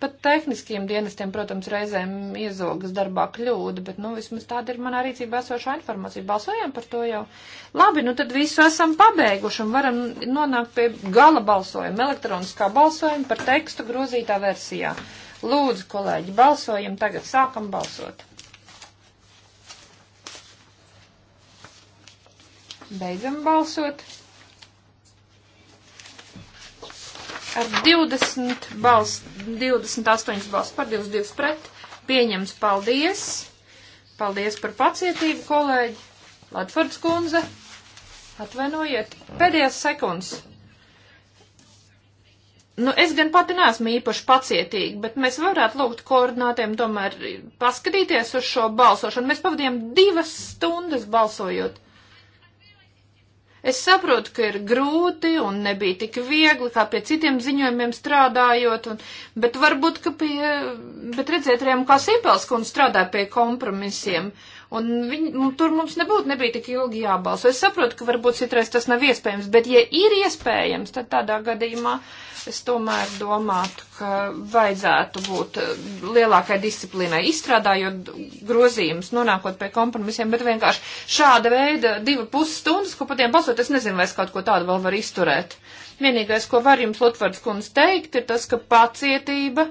S1: Pat tehniskiem dienestiem, protams, reizēm iezogas darbā kļūda, bet, nu, vismaz tāda ir manā rīcībā esošā informācija. Balsojām par to jau. Labi, nu tad visu esam pabeiguši un varam nonākt pie gala balsojuma, elektroniskā balsojuma par tekstu grozītā versijā. Lūdzu, kolēģi, balsojam tagad, sākam balsot. Beidzam balsot. Ar 20 balss, 28 balss par 22 pret. Pieņems paldies. Paldies par pacietību, kolēģi. Latvards kundze, atvainojiet. Pēdējās sekundes. Nu, es gan pati neesmu īpaši pacietīga, bet mēs varētu lūgt koordinātiem tomēr paskatīties uz šo balsošanu. Mēs pavadījām divas stundas balsojot. Es saprotu, ka ir grūti un nebija tik viegli, kā pie citiem ziņojumiem strādājot, un, bet varbūt, ka pie, bet redziet, Rēm, kā Sīpelskundze strādāja pie kompromisiem. Uh, Un viņi, nu, tur mums nebūtu nebija tik ilgi jābalso. Es saprotu, ka varbūt citreiz tas nav iespējams, bet ja ir iespējams, tad tādā gadījumā es tomēr domātu, ka vajadzētu būt eh, lielākai disciplīnai, izstrādājot grozījumus, nonākot pie kompromisiem, bet vienkārši šāda veida divi pusstundas, ko patiem balsot, es nezinu, vai es kaut ko tādu vēl varu izturēt. Vienīgais, ko var jums, Lutvards kundze, teikt, ir tas, ka pacietība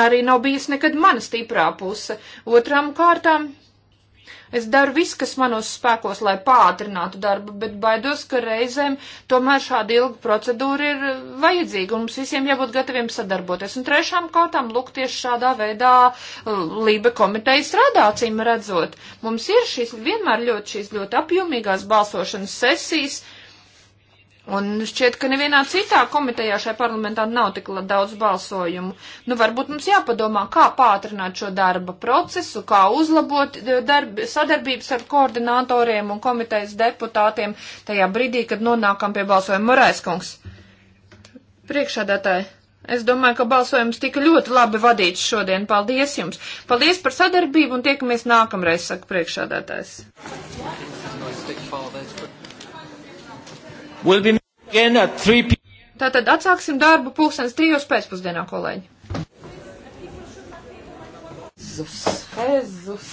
S1: arī nav bijusi nekad mana stiprā puse. Otram kārtām Es daru visu, kas manos spēkos, lai pātrinātu darbu, bet baidos, ka reizēm tomēr šāda ilga procedūra ir vajadzīga un mums visiem jābūt gataviem sadarboties. Un trešām kautām, lūk, tieši šādā veidā Lība komiteja strādā, acīm redzot. Mums ir šīs vienmēr ļoti, šīs ļoti apjomīgās balsošanas sesijas Un šķiet, ka nevienā citā komitejā šai parlamentā nav tik daudz balsojumu. Nu, varbūt mums jāpadomā, kā pātrināt šo darba procesu, kā uzlabot e, darbi, sadarbības ar koordinatoriem un komitejas deputātiem tajā brīdī, kad nonākam pie balsojuma. Morais kungs, priekšādātāji, es domāju, ka balsojums tika ļoti labi vadīts šodien. Paldies jums! Paldies par sadarbību un tiekamies nākamreiz, saka priekšādātājs.
S2: Yeah. We'll be
S1: again at 3 p.m. Tātad atsāksim darbu pulkstens trijos pēcpusdienā, kolēģi. Jēzus, Jēzus.